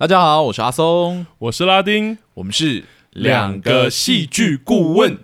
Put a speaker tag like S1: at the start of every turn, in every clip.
S1: 大家好，我是阿松，我是拉丁，我們是兩個戲劇顧問。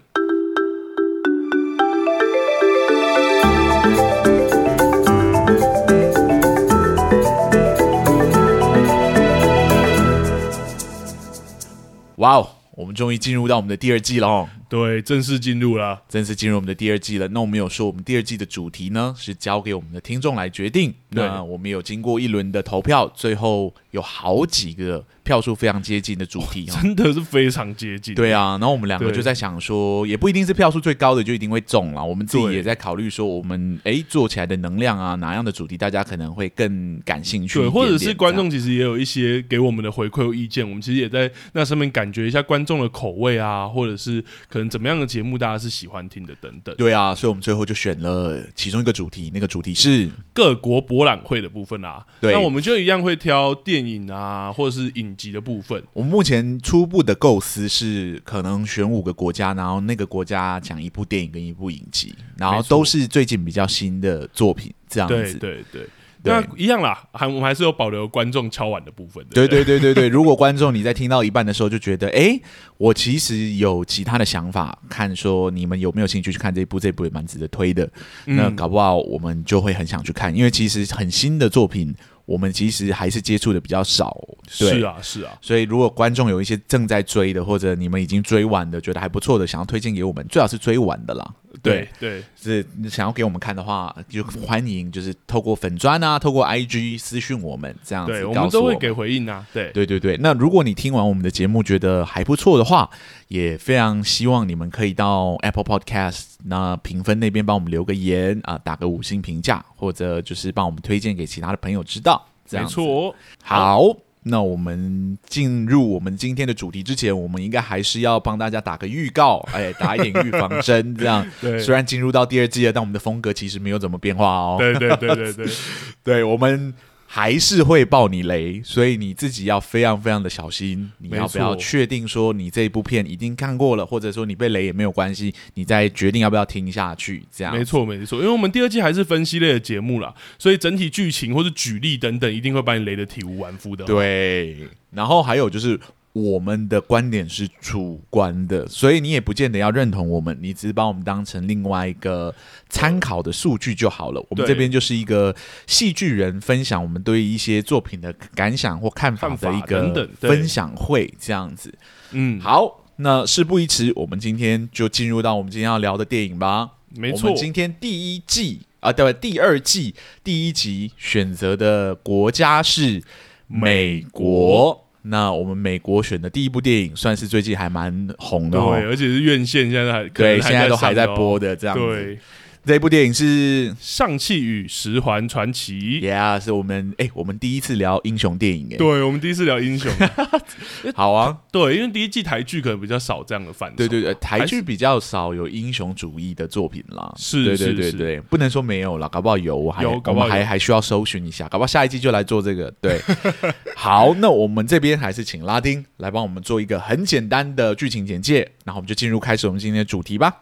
S2: 哇哦，wow, 我們終於進入到我們的第二季了哦。對，正式進入了，正式進入我們的第二季了。那我們有說，我們第二季的主題呢，是交給我們的聽眾來決定。那我們有經過一輪的投票，最後有好幾個票數非常接近的主題。哦哦，真的是非常接近。對啊，然後我們兩個就在想說，對也不一定是票數最高的就一定會中了。我們自己也在考慮說，我們哎對做起來的能量啊，哪樣的主題大家可能會更感興趣一點點。對，或者是
S1: 觀眾其實也有一些給我們的回饋和意見，我們其實也在那上面感覺一下觀眾的口味啊，或者是。可能怎麼樣的節目大家是喜歡聽的，等等。對
S2: 啊，所以我們最後就選了其中一個主題，那個主題是
S1: 各國博覽會的部分啊。對，那我們就一樣會挑電影啊，或者是影集的部分。
S2: 我目前初步的構思是，可能選五個國家，然後那個國家講一部電影跟一部影集，然後都是最近比較新的作品，這樣子。對對對。
S1: 對，那一樣啦，還我們還是有保留觀眾敲碗的部分
S2: 的。對對對對對，如果觀眾你在聽到一半的時候就覺得，哎、 欸，我其實有其他的想法，看說你們有沒有興趣去看這一部，這一部也蠻值得推的。嗯、那搞不好我們就會很想去看，因為其實很新的作品，我們其實還是接觸的比較少。是啊，是啊，所以如果觀眾有一些正在追的，或者你們已經追完的，覺得還不錯的，想要推薦給我們，最好是追完的啦。對對，對對是你想要給我們看的話，就歡迎就是透過粉專啊，透過 IG 私訊我們這樣子我對，我們都會給回應啊。對對對對，那如果你聽完我們的節目覺得還不錯的話，也非常希望你們可以到 Apple Podcast 那評分那邊幫我們留個言啊、呃，打個五星評價，或者就是幫我們推薦給其他的朋友知道。這樣子沒錯、哦，好。那我們進入我們今天的主題之前，我們應該還是要幫大家打個預告，哎，打一點預防針， 這樣。對雖然進入到第二季了，但我們的風格其實沒有怎麼變化哦。對對對對對， 對我們。還是會爆你雷，所以你自己要非常非常的小心。你要不要確定說，你這一部片一定看過了，或者說你被雷也沒有關係，你再決定要不要聽下去？這樣。沒錯
S1: 沒錯，因為我們第二季還是分析類的節目啦，所以整體劇情或者舉例等等，一定會把你雷得體無完膚的。對，
S2: 嗯、然後還有就是。我們的觀點是主觀的，所以你也不見得要認同我們，你只是把我們當成另外一個參考的數據就好了。對。我們這邊就是一個戲劇人分享我們對於一些作品的感想或看法的一個分享會，等等這樣子。嗯，好，那事不宜遲，我們今天就進入到我們今天要聊的電影吧。沒錯，我們今天第一季啊，對不對？第二季第一集選擇的國家是美國。美那我們美國選的第一部電影，算是最近還蠻紅的哦，對，而且是院線現在還可以。對，可在哦、現在都還在播的這樣子。對這部電影是《尚氣與十環傳奇》，也是我們哎、欸，我們第一次聊英雄電影哎，對，我們第一次聊英雄。 好啊，對，因為第一季台劇可能比較少這樣的範，對對對，台劇比較少有英雄主義的作品啦，是，是對對對，對，對不能說沒有了，搞不好有，還有，搞不好還還需要搜尋一下，搞不好下一季就來做這個，對， 好，那我們這邊還是請拉丁來幫我們做一個很簡單的劇情簡介，然後我們就進入開始我們今天的主題吧。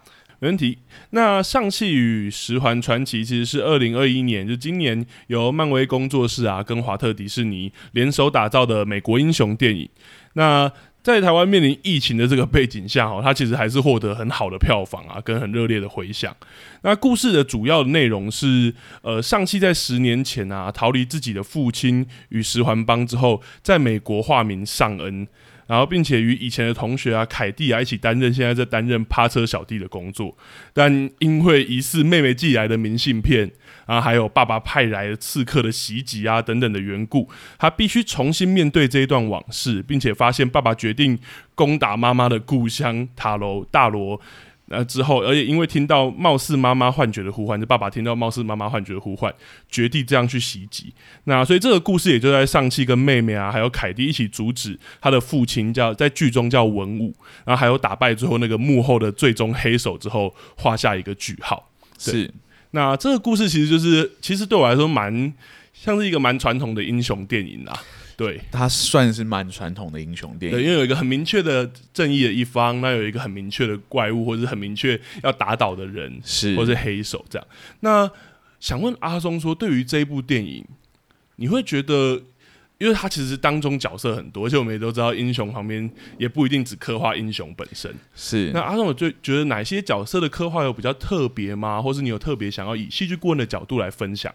S2: 沒問題。那《尚氣與十環傳奇》其實是
S1: 二零二一年，就今年由漫威工作室啊跟華特迪士尼聯手打造的美國英雄電影。那在台灣面臨疫情的這個背景下，哈，它其實還是獲得很好的票房啊，跟很熱烈的回響。那故事的主要內容是，呃，尚氣在十年前啊逃離自己的父親與十環幫之後，在美國化名尚恩。然後，並且與以前的同學啊，凱蒂啊一起擔任，現在在擔任泊車小弟的工作。但因為疑似妹妹寄來的明信片啊，還有爸爸派來的刺客的襲擊啊等等的緣故，他必須重新面對這一段往事，並且發現爸爸決定攻打媽媽的故鄉塔羅大羅。呃，之後，而且因為聽到貌似媽媽幻覺的呼喚，就爸爸聽到貌似媽媽幻覺的呼喚，決定這樣去襲擊。那所以這個故事也就在尚氣跟妹妹啊，還有凱蒂一起阻止他的父親叫在劇中叫文武，然後還有打敗之後那個幕後的最終黑手之後，畫下一個句號。是，那這個故事其實就是其實對我來說蠻像是一個蠻傳統的英雄電影啊。對，
S2: 他算是蠻傳統的英雄電影，對，因為
S1: 有一個很明確的正義的一方，那有一個很明確的怪物，或者是很明確要打倒的人，是，或是黑手這樣。那想問阿松說，對於這一部電影，你會覺得，因為他其實當中角色很多，而且我們也都知道，英雄旁邊也不一定只刻畫英雄本身，是。那阿松我，我就覺得哪些角色的刻畫有比較特別嗎？或是你有特別想要以戲劇顧問的角
S2: 度來分享？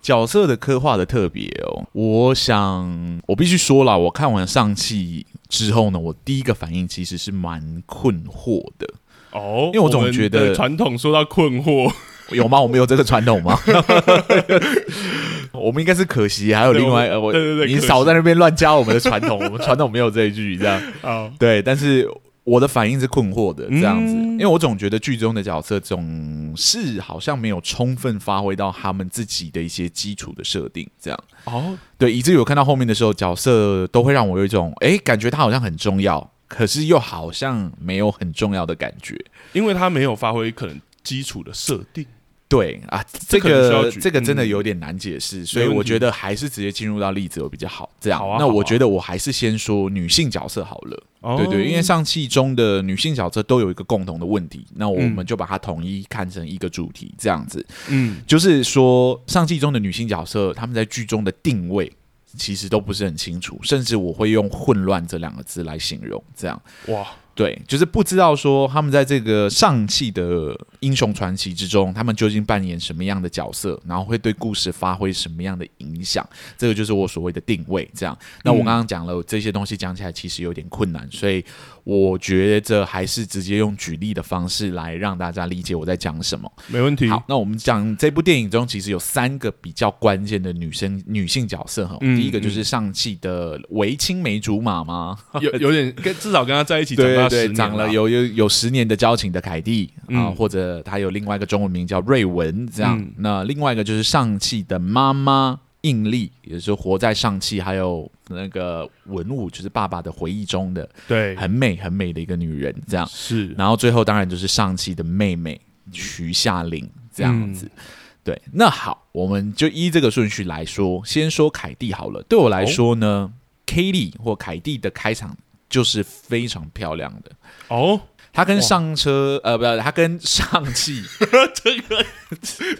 S2: 角色的刻畫的特別哦，我想我必須說了，我看完尚氣之後呢，我第一個反應其實是蠻困惑的哦，oh, 因為我總覺得傳統，說到困惑有嗎？我們有這個傳統嗎？ 我們應該是可惜，還有另外對我，對對對，你少在那邊亂加我們的傳統， 我們傳統沒有這一句這樣哦，oh. 對，但是。我的反應是困惑的，這樣子，因為我總覺得劇中的角色總是好像沒有充分發揮到他們自己的一些基礎的設定，這樣哦，對，以至於我看到後面的時候，角色都會讓我有一種，欸，感覺他好像很重要，可是又好像沒有很重要的感覺，
S1: 因為他沒有發揮可能基礎的設定。
S2: 對啊，這，這個這個真的有點難解釋，嗯、所以我覺得還是直接進入到例子有比較好。這樣，啊、那我覺得我還是先說女性角色好了。哦、對對，因為尚氣中的女性角色都有一個共同的問題，那我們就把它統一看成一個主題，嗯、這樣子。嗯，就是說尚氣中的女性角色，她們在劇中的定位其實都不是很清楚，甚至我會用“混亂”這兩個字來形容。這樣哇。對，就是不知道說他們在這個尚氣的英雄傳奇之中，他們究竟扮演什麼樣的角色，然後會對故事發揮什麼樣的影響？這個就是我所謂的定位。這樣，那我剛剛講了這些東西，講起來其實有點困難，所以我覺得還是直接用舉例的方式來讓大家理解我在講什麼。沒問題。好，那我們講這部電影中其實有三個比較關鍵的女生女性角色哈，嗯、第一個就是尚氣的為青梅竹馬嗎？
S1: 有有點，跟至少跟他在一起對。對對，長了有
S2: 有有十年的交情的凱蒂啊，嗯、或者她有另外一個中文名叫瑞文，這樣。嗯、那另外一個就是尚氣的媽媽映麗，也就是活在尚氣，還有那個文武，就是爸爸的回憶中的，對，很美很美的一個女人，這樣。是對。然後最後當然就是尚氣的妹妹徐夏玲，這樣子。嗯、對，那好，我們就依這個順序來說，先說凱蒂好了。對我來說呢 Katie 或凱蒂的開場。就是非常漂亮的哦，他哇、呃，他跟上車呃，不要，他跟上汽，這個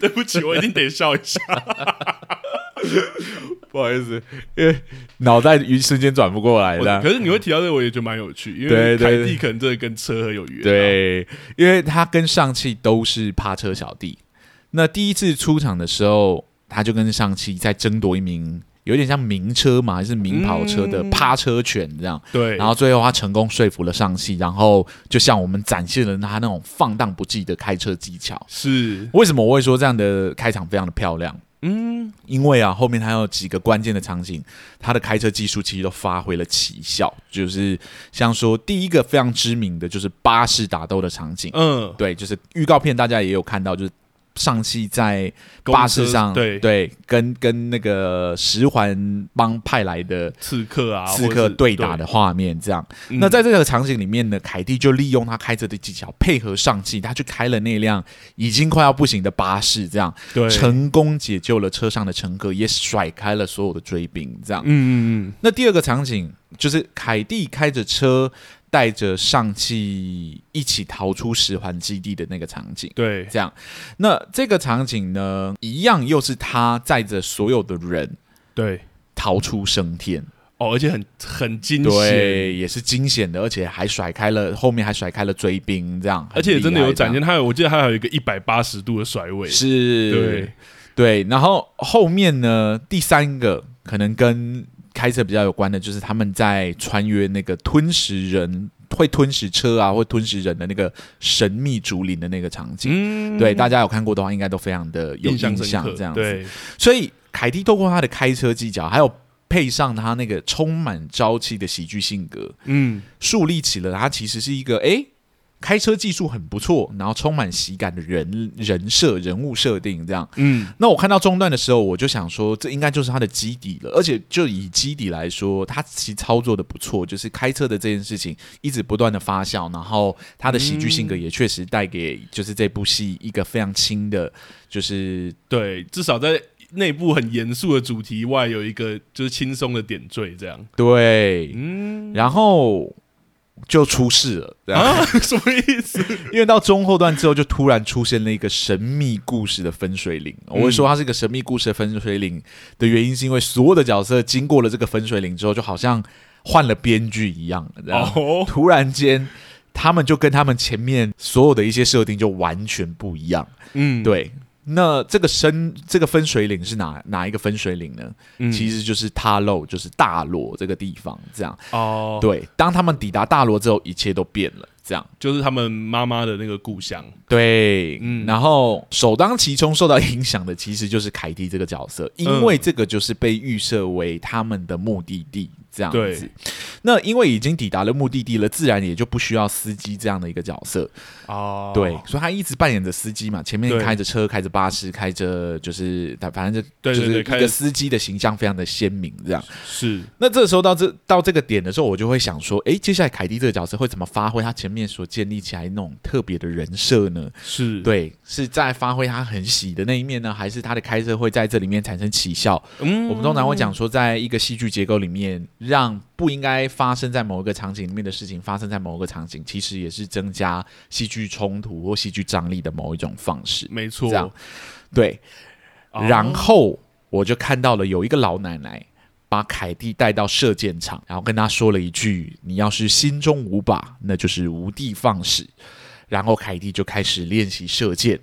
S2: 對不起，我一定得笑一下， 不好意思，因為腦袋一瞬間轉不過來了。哦、樣可
S1: 是你會提到這個，我也覺得蠻有趣，嗯、因為凱蒂可能真的跟車很有緣，啊，對，
S2: 對，對，對，對，因為他跟上汽都是趴車小弟，那第一次出場的時候，他就跟上汽在爭奪一名。有點像名車嘛，還、就是名跑車的趴車犬這樣。對，嗯、然後最後他成功說服了尚氣，然後就向我們展現了他那種放蕩不羈的開車技巧。是，為什麼我會說這樣的開場非常的漂亮？
S1: 嗯，
S2: 因為啊，後面他有幾個關鍵的場景，他的開車技術其實都發揮了奇效。就是像說第一個非常知名的就是巴士打鬥的場景。嗯，對，就是預告片大家也有看到，就是。尚氣在巴士上對,對跟跟那個十環幫派來的刺客啊，刺客對打的畫面，這樣。嗯、那在這個場景裡面呢，凱蒂就利用她開車的技巧，配合尚氣，她去開了那輛已經快要不行的巴士，這樣，對成功解救了車上的乘客，也甩開了所有的追兵，這樣。嗯
S1: 嗯
S2: 嗯。那第二個場景就是凱蒂開着車。帶着尚氣一起逃出十環基地的那個場景，對，這樣。那這個場景呢，一樣又是他載着所有的人，對，逃出生天哦，而
S1: 且很很驚險，
S2: 也是驚險的，而且還甩開了後面，還甩開了追兵，這樣。這樣，而且也真的有展現，
S1: 他有我記得還有一個一百八十度的甩尾，是對，
S2: 對。然後後面呢，第三個可能跟，開車比較有關的，就是他們在穿越那個吞食人會吞食車啊，會吞食人的那個神秘竹林的那個場景。嗯，對，大家有看過的話，應該都非常的有印象，這樣子，對，所以凱蒂透過他的開車技巧，還有配上他那個充滿朝氣的喜劇性格，嗯，樹立起了他其實是一個哎。誒開車技術很不錯，然後充滿喜感的人人設、人物設定這樣。嗯，那我看到中段的時候，我就想說，這應該就是他的基底了。而且就以基底來說，他其實操作的不錯，就是開車的這件事情一直不斷的發酵。然後他的喜劇性格也確實帶給就是這部戲一個非常輕的，就是、嗯、對，
S1: 至少在內部很嚴肅的主題外有一個就是輕鬆的點綴這樣。
S2: 對，嗯，然後。就出事了，對吧？啊，什麼意思？ 因為到中後段之後，就突然出現了一個神秘故事的分水嶺。嗯、我會說它是一個神秘故事的分水嶺的原因，是因為所有的角色經過了這個分水嶺之後，就好像換了編劇一樣，然後、哦、突然間他們就跟他們前面所有的一些設定就完全不一樣。嗯，對。那這個深這個分水嶺是哪哪一個分水嶺呢？嗯、其實就是塔洛，就是大羅這個地方，這樣哦。Oh、對，當他們抵達大羅之後，一切都變了，這樣。就是他們
S1: 媽媽的那個故鄉。
S2: 對，嗯。然後首當其衝受到影響的，其實就是凱蒂這個角色，因為這個就是被預設為他們的目的地。嗯嗯這樣子，對那因為已經抵達了目的地了，自然也就不需要司機這樣的一個角色哦。Oh. 對，所以他一直扮演着司機嘛，前面開着車，對開着巴士，開着就是他，反正就對對對就是一個司機的形象，非常的鮮明。這樣開是。那這時候到這到這個點的時候，我就會想說，哎、欸，接下來凱蒂這個角色會怎麼發揮他前面所建立起來那種特別的人設呢？是對，是在發揮他很喜的那一面呢，還是他的開車會在這裡面產生奇效？嗯，我們通常會講說，在一個戲劇結構裡面。讓不應該發生在某一個場景裡面的事情發生在某一個場景，其實也是增加戲劇衝突或戲劇張力的某一種方式。沒錯，這樣對。哦、然後我就看到了有一個老奶奶把凱蒂帶到射箭場，然後跟她說了一句：“你要是心中無靶，那就是無的放矢。”然後凱蒂就開始練習射箭，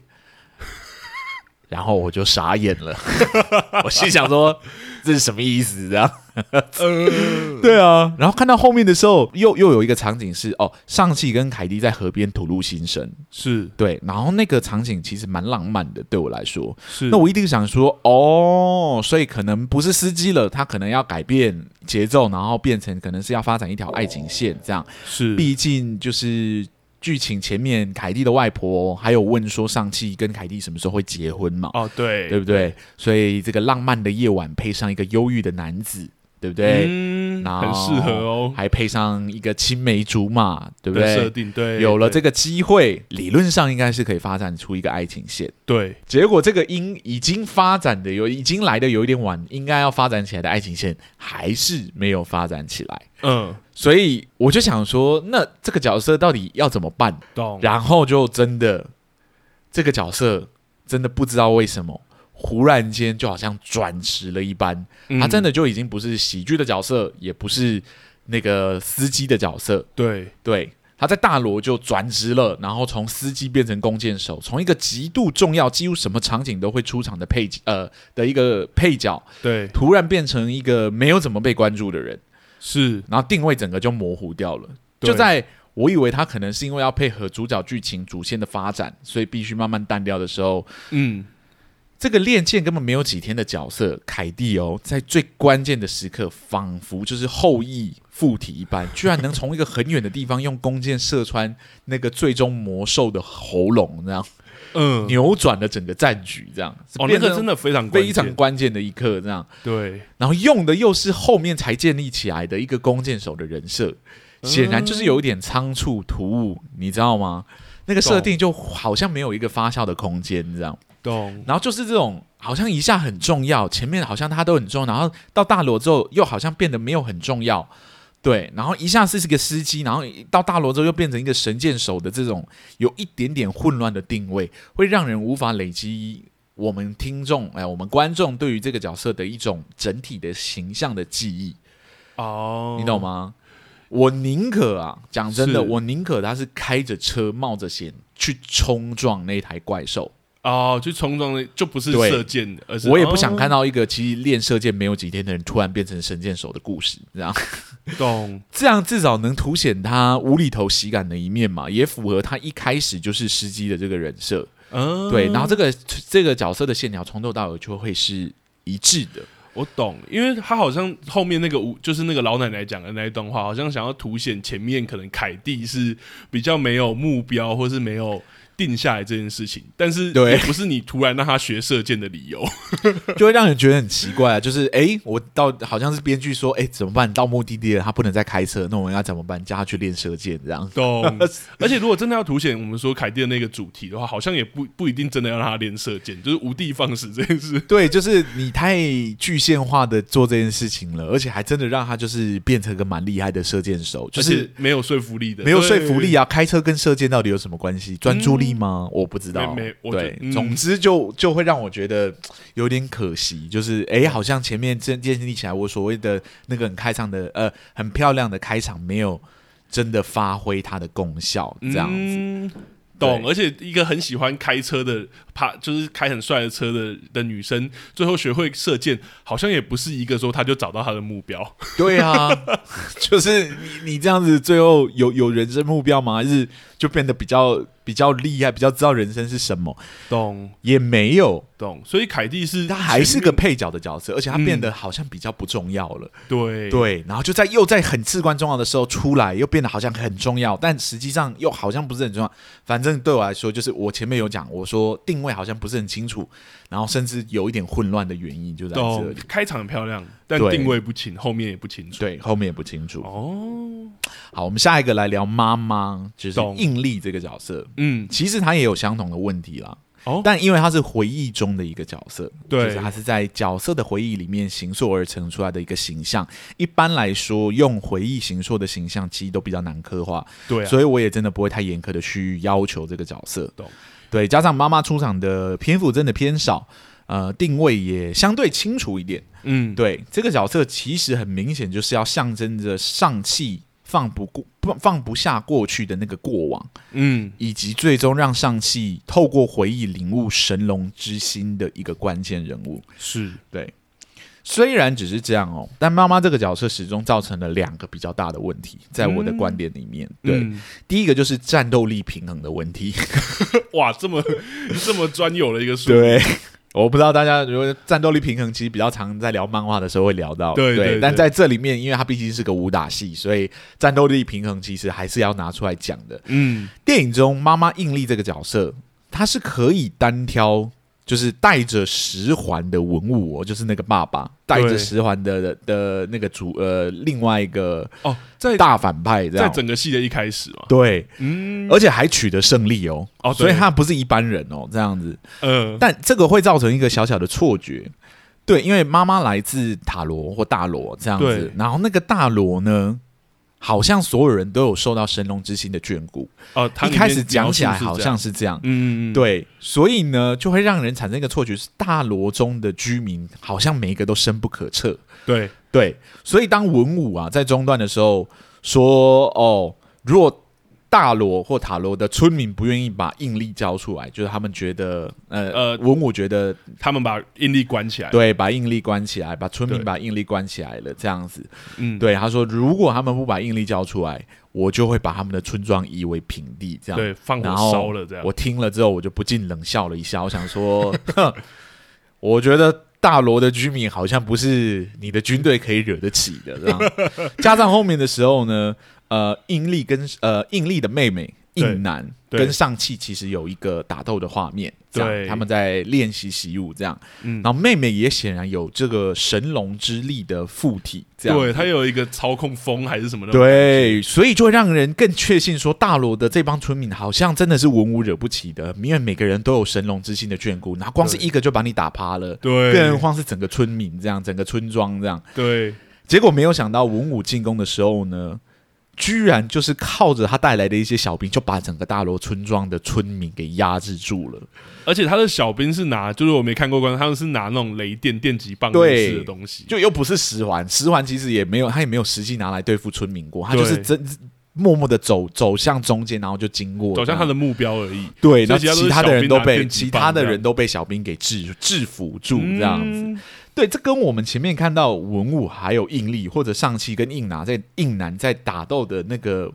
S2: 然後我就傻眼了， 我心想說：“ 這是什麼意思？”啊？這樣。 呃、對啊，然後看到後面的時候，又又有一個場景是哦，尚氣跟凱蒂在河邊吐露心聲，是對，然後那個場景其實蠻浪漫的，對我來說是，那我一定想說哦，所以可能不是司機了，他可能要改變節奏，然後變成可能是要發展一條愛情線，哦、這樣是，畢竟就是劇情前面凱蒂的外婆還有問說尚氣跟凱蒂什麼時候會結婚嘛？哦，對，對不對？所以這個浪漫的夜晚配上一個憂鬱的男子。對不對？嗯，後很適合哦，還配上一個青梅竹馬，對不對？設定對，有了這個機會，對理論上應該是可以發展出一個愛情線。對，結果這個因已經發展的有，已經來的有一點晚，應該要發展起來的愛情線還是沒有發展起來。嗯，所以我就想說，那這個角色到底要怎麼辦？懂然後就真的這個角色真的不知道為什麼。忽然間就好像轉職了一般，他真的就已經不是喜劇的角色，嗯、也不是那個司機的角色。對對，他在大羅就轉職了，然後從司機變成弓箭手，從一個極度重要、幾乎什麼場景都會出場的配呃的一個配角，對，突然變成一個沒有怎麼被關注的人，是，然後定位整個就模糊掉了。對就在我以為他可能是因為要配合主角劇情主線的發展，所以必須慢慢淡掉的時候，嗯。這個練劍根本沒有幾天的角色凱蒂哦，在最關鍵的時刻，仿佛就是後羿附體一般，居然能從一個很遠的地方用弓箭射穿那個最終魔獸的喉嚨，這樣，嗯，扭轉了整個戰局，這樣。哦，那個真的非常關鍵非常關鍵的一刻，這樣。對。然後用的又是後面才建立起來的一個弓箭手的人設，嗯、顯然就是有一點倉促突兀，你知道嗎？那個設定就好像沒有一個發酵的空間，這樣。懂，然後就是這種，好像一下很重要，前面好像他都很重要，然後到大樓之後又好像變得沒有很重要，對，然後一下是是個司機，然後到大樓之後又變成一個神箭手的這種，有一點點混亂的定位，會讓人無法累積我們聽眾哎，我們觀眾對於這個角色的一種整體的形象的記憶，
S1: 哦，
S2: 你懂嗎？我寧可啊，講真的，是我寧可他是開着車冒着險去衝撞那台怪獸。
S1: 哦，就衝撞的就不是射箭的，對而是我也不想看到
S2: 一個其實練射箭沒有幾天的人突然變成神箭手的故事，這樣懂？這樣至少能凸顯他無厘頭喜感的一面嘛，也符合他一開始就是司機的這個人設。嗯，對，然後這個這個角色的線條從頭到尾
S1: 就會是一致的。我懂，因為他好像後面那個就是那個老奶奶講的那一段話，好像想要凸顯前面可能凱蒂是比較沒有目標，或
S2: 是沒有。定下來這件事情，但是對，不是你突然讓他學射箭的理由， 就會讓人覺得很奇怪啊。就是哎、欸，我到好像是編劇說，哎、欸，怎麼辦？到目的地了，他不能再開車，那我們要怎麼辦？叫他去練射箭這樣子。
S1: 懂。 而且如果真的要凸顯我們說凱蒂的那個主題的話，好像也不不一定真的要讓他練射箭，就是無的放矢這件
S2: 事。對，就是你太具現化的做這件事情了，而且還真的讓他就是變成個蠻厲害的射箭手，就是沒有說服力的，沒有說服力啊！對開車跟射箭到底有什麼關係？專注力、嗯。嗎？我不知道。沒沒對，嗯、總之就就會讓我覺得有點可惜，就是哎，好像前面真建立起來我所謂的那個很開場的呃，很漂亮的開場，沒有真的發揮它的功效，嗯、這樣
S1: 子。懂。對而且一個很喜歡開車的，怕就是開很帥的車的的女生，最後學會射箭，好像也不是一個說她就找到她的目標。對啊，
S2: 就是你你這樣子，最後有有人生目標嗎？還是？就變得比較比較厲害，比較知道人生是什麼，懂也沒有懂，所以凱蒂是她還是個配角的角色，而且她變得好像比較不重要了，
S1: 嗯、對對，然後就在又
S2: 在很至關重要的時候出來，又變得好像很重要，但實際上又好像不是很重要，反正對我來說就是我前面有講，我說定位好像不是很清楚。然後甚至有一點混亂的原因就這樣子，
S1: 開場很漂亮，但對定位
S2: 不清，後面也不清楚。對，後面也不清楚。哦，好，我們下一個來聊媽媽，就是映麗這個角色。嗯，其實它也有相同的問題啦。哦，但因為它是回憶中的一個角色，對，就是他是在角色的回憶裡面形塑而成出來的一個形象。一般來說，用回憶形塑的形象，其實都比較難刻畫。對、啊，所以我也真的不會太嚴苛的去要求這個角色。對，加上媽媽出場的篇幅真的偏少，呃，定位也相對清楚一點。嗯，對，這個角色其實很明顯就是要象徵着尚氣放不過、放放不下過去的那個過往，嗯，以及最終讓尚氣透過回憶領悟神龍之心的一個關鍵人物，是對。雖然只是這樣哦，但媽媽這個角色始終造成了兩個比較大的問題，在我的觀點裡面，嗯、對，嗯、第一個就是戰鬥力平衡的問題。
S1: 哇，這麼這麼專有的一個說法。對，
S2: 我不知道大家如果戰鬥力平衡，其實比較常在聊漫畫的時候會聊到。對對,對,對。但在這裡面，因為它畢竟是個武打戲，所以戰鬥力平衡其實還是要拿出來講的。嗯。電影中媽媽映李這個角色，她是可以單挑。就是帶着十環的文武哦，就是那個爸爸帶着十環的對的,的那個主呃，另外一個哦，大反派這樣、哦在，在整
S1: 個戲的一開始哦，
S2: 對，嗯，而且還取得勝利哦，哦，所以他不是一般人哦，這樣子，嗯，但這個會造成一個小小的錯覺，對，因為媽媽來自塔羅或大羅這樣子，對然後那個大羅呢。好像所有人都有受到神龍之心的眷顧哦，啊、他一開始講起來好像是這樣，嗯嗯嗯，對，所以呢就會讓人產生一個錯覺，是大羅中的居民好像每一個都深不可測，對對，所以當文武啊在中段的時候說哦，若。大羅或塔羅的村民不願意把映麗交出來，就是他們覺得，呃呃，文武覺得他們把映麗關起來，對，把映麗關起來，把村民把映麗關起來了，對這樣子，嗯、對，他說，如果他們不把映麗交出來，我就會把他們的村莊夷為平地，這樣，對，放火燒了然後這樣。我聽了之後，我就不禁冷笑了一下，我想說， 我覺得大羅的居民好像不是你的軍隊可以惹得起的這樣，加上後面的時候呢。 呃，映麗跟呃映麗的妹妹映南跟尚氣其實有一個打鬥的畫面，這樣對他們在練習習武，這樣，嗯，然後妹妹也顯然有這個神龍之力的附體，這樣，對，他有一
S1: 個操控風還是什麼的，對，
S2: 所以就會讓人更確信說，大羅的這幫村民好像真的是文武惹不起的，因為每個人都有神龍之心的眷顧，那光是一個就把你打趴了，對，更何況是整個村民這樣，整個村莊這樣，對，結果沒有想到文武進攻的時候呢。居然就是靠着他帶來的一些小兵，就把整個大樓村莊的村民給壓制住了。
S1: 而且他的小兵是拿，就是我沒看過觀眾，他們是拿那種雷電電擊棒類似的東西，
S2: 就又不是十環，十環其實也沒有，他也沒有實際拿來對付村民過，他就是真默默的走走向中間，然後就經過走向他的目標而已。對，那其，其他的人都被其他的人都被小兵給制制服住這樣子。嗯對，這跟我們前面看到文武還有映麗或者尚氣跟硬拿在硬男在打鬥的那個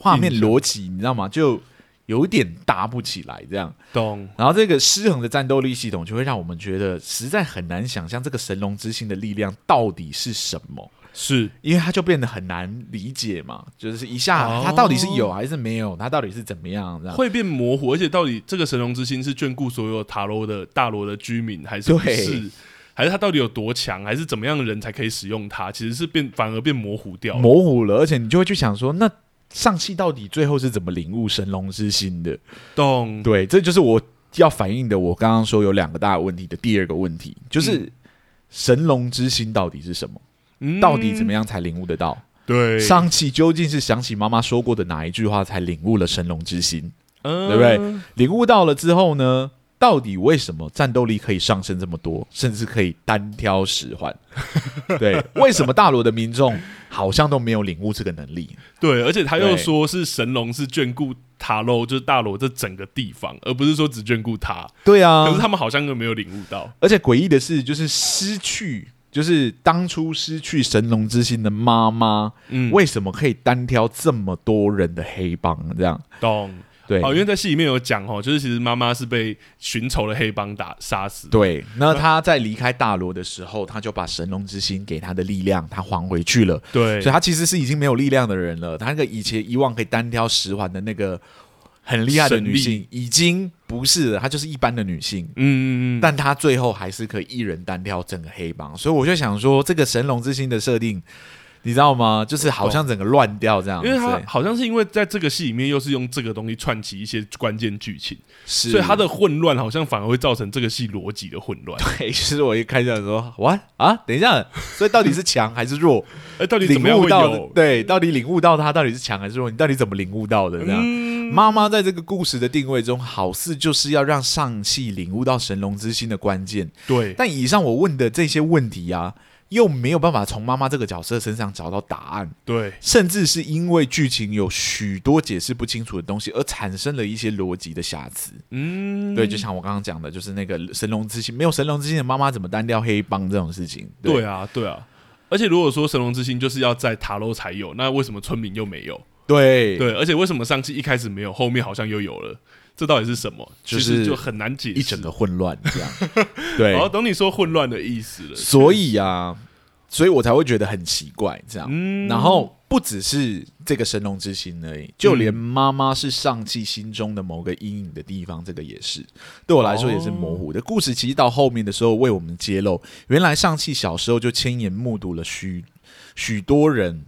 S2: 畫面邏輯，你知道嗎？就有點搭不起來這樣。懂。然後這個失衡的戰鬥力系統，就會讓我們覺得實在很難想象這個神龍之心的力量到底是什麼。是因為它就變得很難理解嘛？就是一下它到底是有還是沒有？它到底是怎麼樣？會變模
S1: 糊，而且到底這個神龍之心是眷顧所有塔羅的大羅的居民還是不是？對。還是他到底有多強，還是怎麼樣的人才可以使用它？其實是變，反而變模糊掉，模
S2: 糊了。而且你就會去想說，那尚氣到底最後是怎麼領悟神龍之心的？懂？對，這就是我要反映的。我剛剛說有兩個大的問題的第二個問題，就是、嗯、神龍之心到底是什麼？嗯、到底怎麼樣才領悟得到？對，尚氣究竟是想起媽媽說過的哪一句話才領悟了神龍之心？
S1: 嗯，對不對？
S2: 領悟到了之後呢？到底為什麼戰鬥力可以上升這麼多，甚至可以單挑十環？ 對，為什麼大羅的民眾好像都沒有領悟這個能力？對，而且他又說
S1: 是神龍是眷顧塔樓，就是大羅這整個地方，而不是說只眷顧他。對啊，可是他們好像都沒有領悟到。
S2: 而且詭異的是，就是失去，就是當初失去神龍之心的媽媽，嗯，為什麼可以單挑這麼多人的黑幫？這樣懂。對哦，因為
S1: 在戲裡面有講哦，就是其實媽媽是被尋仇的黑幫打殺死。對，那她在離開
S2: 大羅的時候，她就把神龍之心給她的力量，她還回去了。對，所以她其實是已經沒有力量的人了。她那個以前以往可以單挑十環的那個很厲害的女性，已經不是了，她就是一般的女性。嗯嗯嗯，但她最後還是可以一人單挑整個黑幫。所以我就想說，這個神龍之心的設定。你知道嗎？就是好像整個亂掉這樣，哦、因為他
S1: 好像是因為在這個戲裡面又是用這個東西串起一些關鍵劇情，是所以他的混亂好像反而會造成這個戲邏輯的混亂。對，其、就、實、是、我一
S2: 開始想說，哇啊，等一下，所以到底是強還是弱？哎、 欸，到底領悟到？對，到底領悟到他到底是強還是弱？你到底怎麼領悟到的？這樣，媽媽、嗯、在這個故事的定位中，好似就是要讓尚氣領悟到神龍之心的關鍵。對，但以上我問的這些問題啊。又沒有辦法從媽媽這個角色身上找到答案，對，甚至是因為劇情有許多解釋不清楚的東西而產生了一些邏輯的瑕疵，
S1: 嗯，對，就像我
S2: 剛剛講的，就是那個神龍之心，沒有神龍之心的媽媽怎麼單挑黑幫這種事情？對啊，對啊，
S1: 而且如果說神龍之心就是要在塔樓才有，那為什麼村民又沒有？對對，而且為什麼尚氣一開始沒有，後面好像又有了？這到底是什麼？其實就很難解釋，
S2: 一整個混亂這樣。 對，好、哦，
S1: 等你說混亂的意思了。
S2: 所以啊，所以我才會覺得很奇怪，這樣。嗯、然後不只是這個神龍之心而已，就連媽媽是尚氣心中的某個陰影的地方，這個也是對我來說也是模糊的、哦、故事。其實到後面的時候，為我們揭露，原來尚氣小時候就親眼目睹了許許多人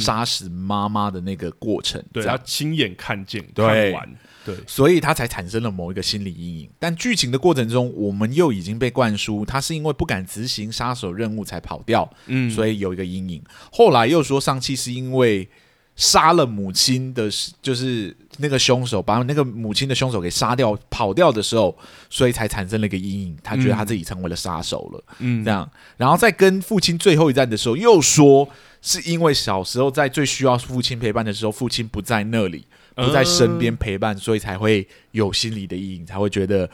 S2: 殺死媽媽的那個過程、嗯，對，他
S1: 親眼看見，看完，對。對，
S2: 所以他才產生了某一個心理陰影。但劇情的過程中，我們又已經被灌輸，他是因為不敢執行殺手任務才跑掉，嗯，所以有一個陰影。後來又說，尚氣是因為殺了母親的，就是那個兇手，把那個母親的兇手給殺掉跑掉的時候，所以才產生了一個陰影。他覺得他自己成為了殺手了，嗯，這樣。然後在跟父親最後一戰的時候，又說是因為小時候在最需要父親陪伴的時候，父親不在那裡。都在身邊陪伴，嗯、所以才會有心理的陰影，才會覺得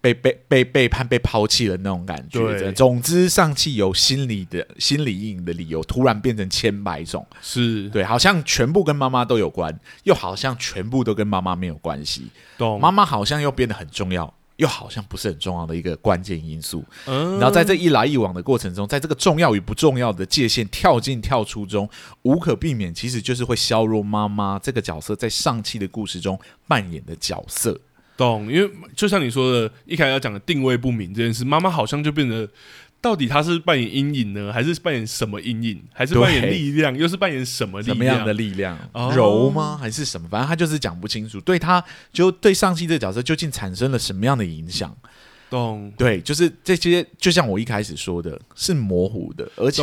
S2: 被被被背叛，被拋棄的那種感覺。對總之，尚氣有心理的、心理陰影的理由，突然變成千百種，是對，好像全部跟媽媽都有關，又好像全部都跟媽媽沒有關係。媽媽懂好像又變得很重要。又好像不是很重要的一個關鍵因素，嗯、然後在這一來一往的過程中，在這個重要與不重要的界限跳進跳出中，無可避免，其實就是會削弱媽媽這個角色在尚氣的故事中扮演的角色。懂？因為就像你說的，一開始要講的定位不明這件事，媽媽好像就變得。
S1: 到底他是扮演陰影呢，還是扮演什麼陰影？還是扮演力量？對又是扮演什麼力量，什麼樣的力
S2: 量？Oh、柔嗎？還是什麼？反正他就是講不清楚。對他，他就對尚氣這角色究竟產生了什麼樣的影響？
S1: 懂？
S2: 對，就是這些。就像我一開始說的，是模糊的，而且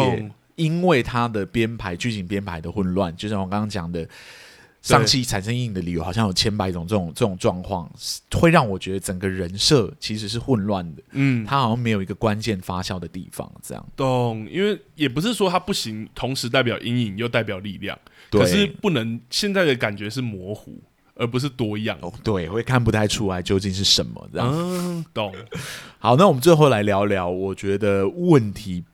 S2: 因為他的編排、劇情編排的混亂，就像我剛剛講的。尚氣對產生陰影的理由好像有千百種，這種，這種這種狀況會讓我覺得整個人設其實是混亂的，嗯，他好像沒有一個關鍵發酵的地方，這樣。
S1: 懂，因為也不是說它不行，同時代表陰影又代表力量，對可是不能現在的感覺是模糊，而不是多樣哦，
S2: 對，會看不太出來究竟是什麼這樣。嗯、懂， 好，那我們最後來聊聊，我覺得問題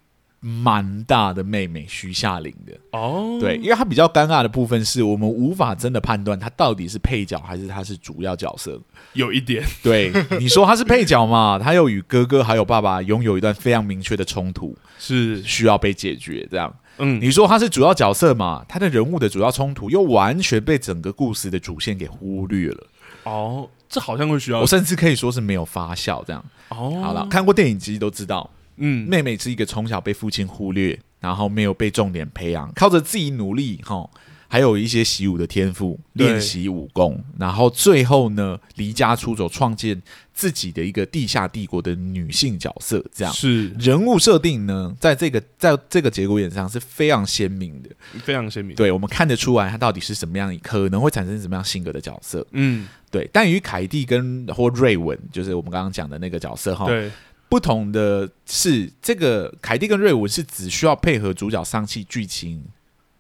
S2: 蠻大的妹妹徐夏玲的哦，oh、對，因為她比較尷尬的部分是我們無法真的判斷她到底是配角還是她是主要角色，
S1: 有一點對，
S2: 對 你說她是配角嘛，她又與哥哥還有爸爸擁有一段非常明確的衝突，是需要被解決這樣。嗯，你說她是主要角色嘛，她的人物的主要衝突又完全被整個故事的主線給忽略了。哦，oh, 這好像會需要我甚至可以說是沒有發酵這樣。
S1: 哦、oh，好了，
S2: 看過電影其實都知道。嗯，妹妹是一個從小被父親忽略，然後沒有被重點培養，靠着自己努力哈，還有一些習武的天賦，練習對武功，然後最後呢，離家出走，創建自己的一個地下帝國的女性角色，這樣是人物設定呢，在這個在這個節骨眼上是非常鮮明的，
S1: 非常鮮明，
S2: 對，我們看得出來她到底是什麼樣，可能會產生什麼樣性格的角色，嗯，對。但與凱蒂跟或瑞文，就是我們剛剛講的那個角色哈，對。不同的是，這個凱蒂跟瑞文是只需要配合主角尚氣劇情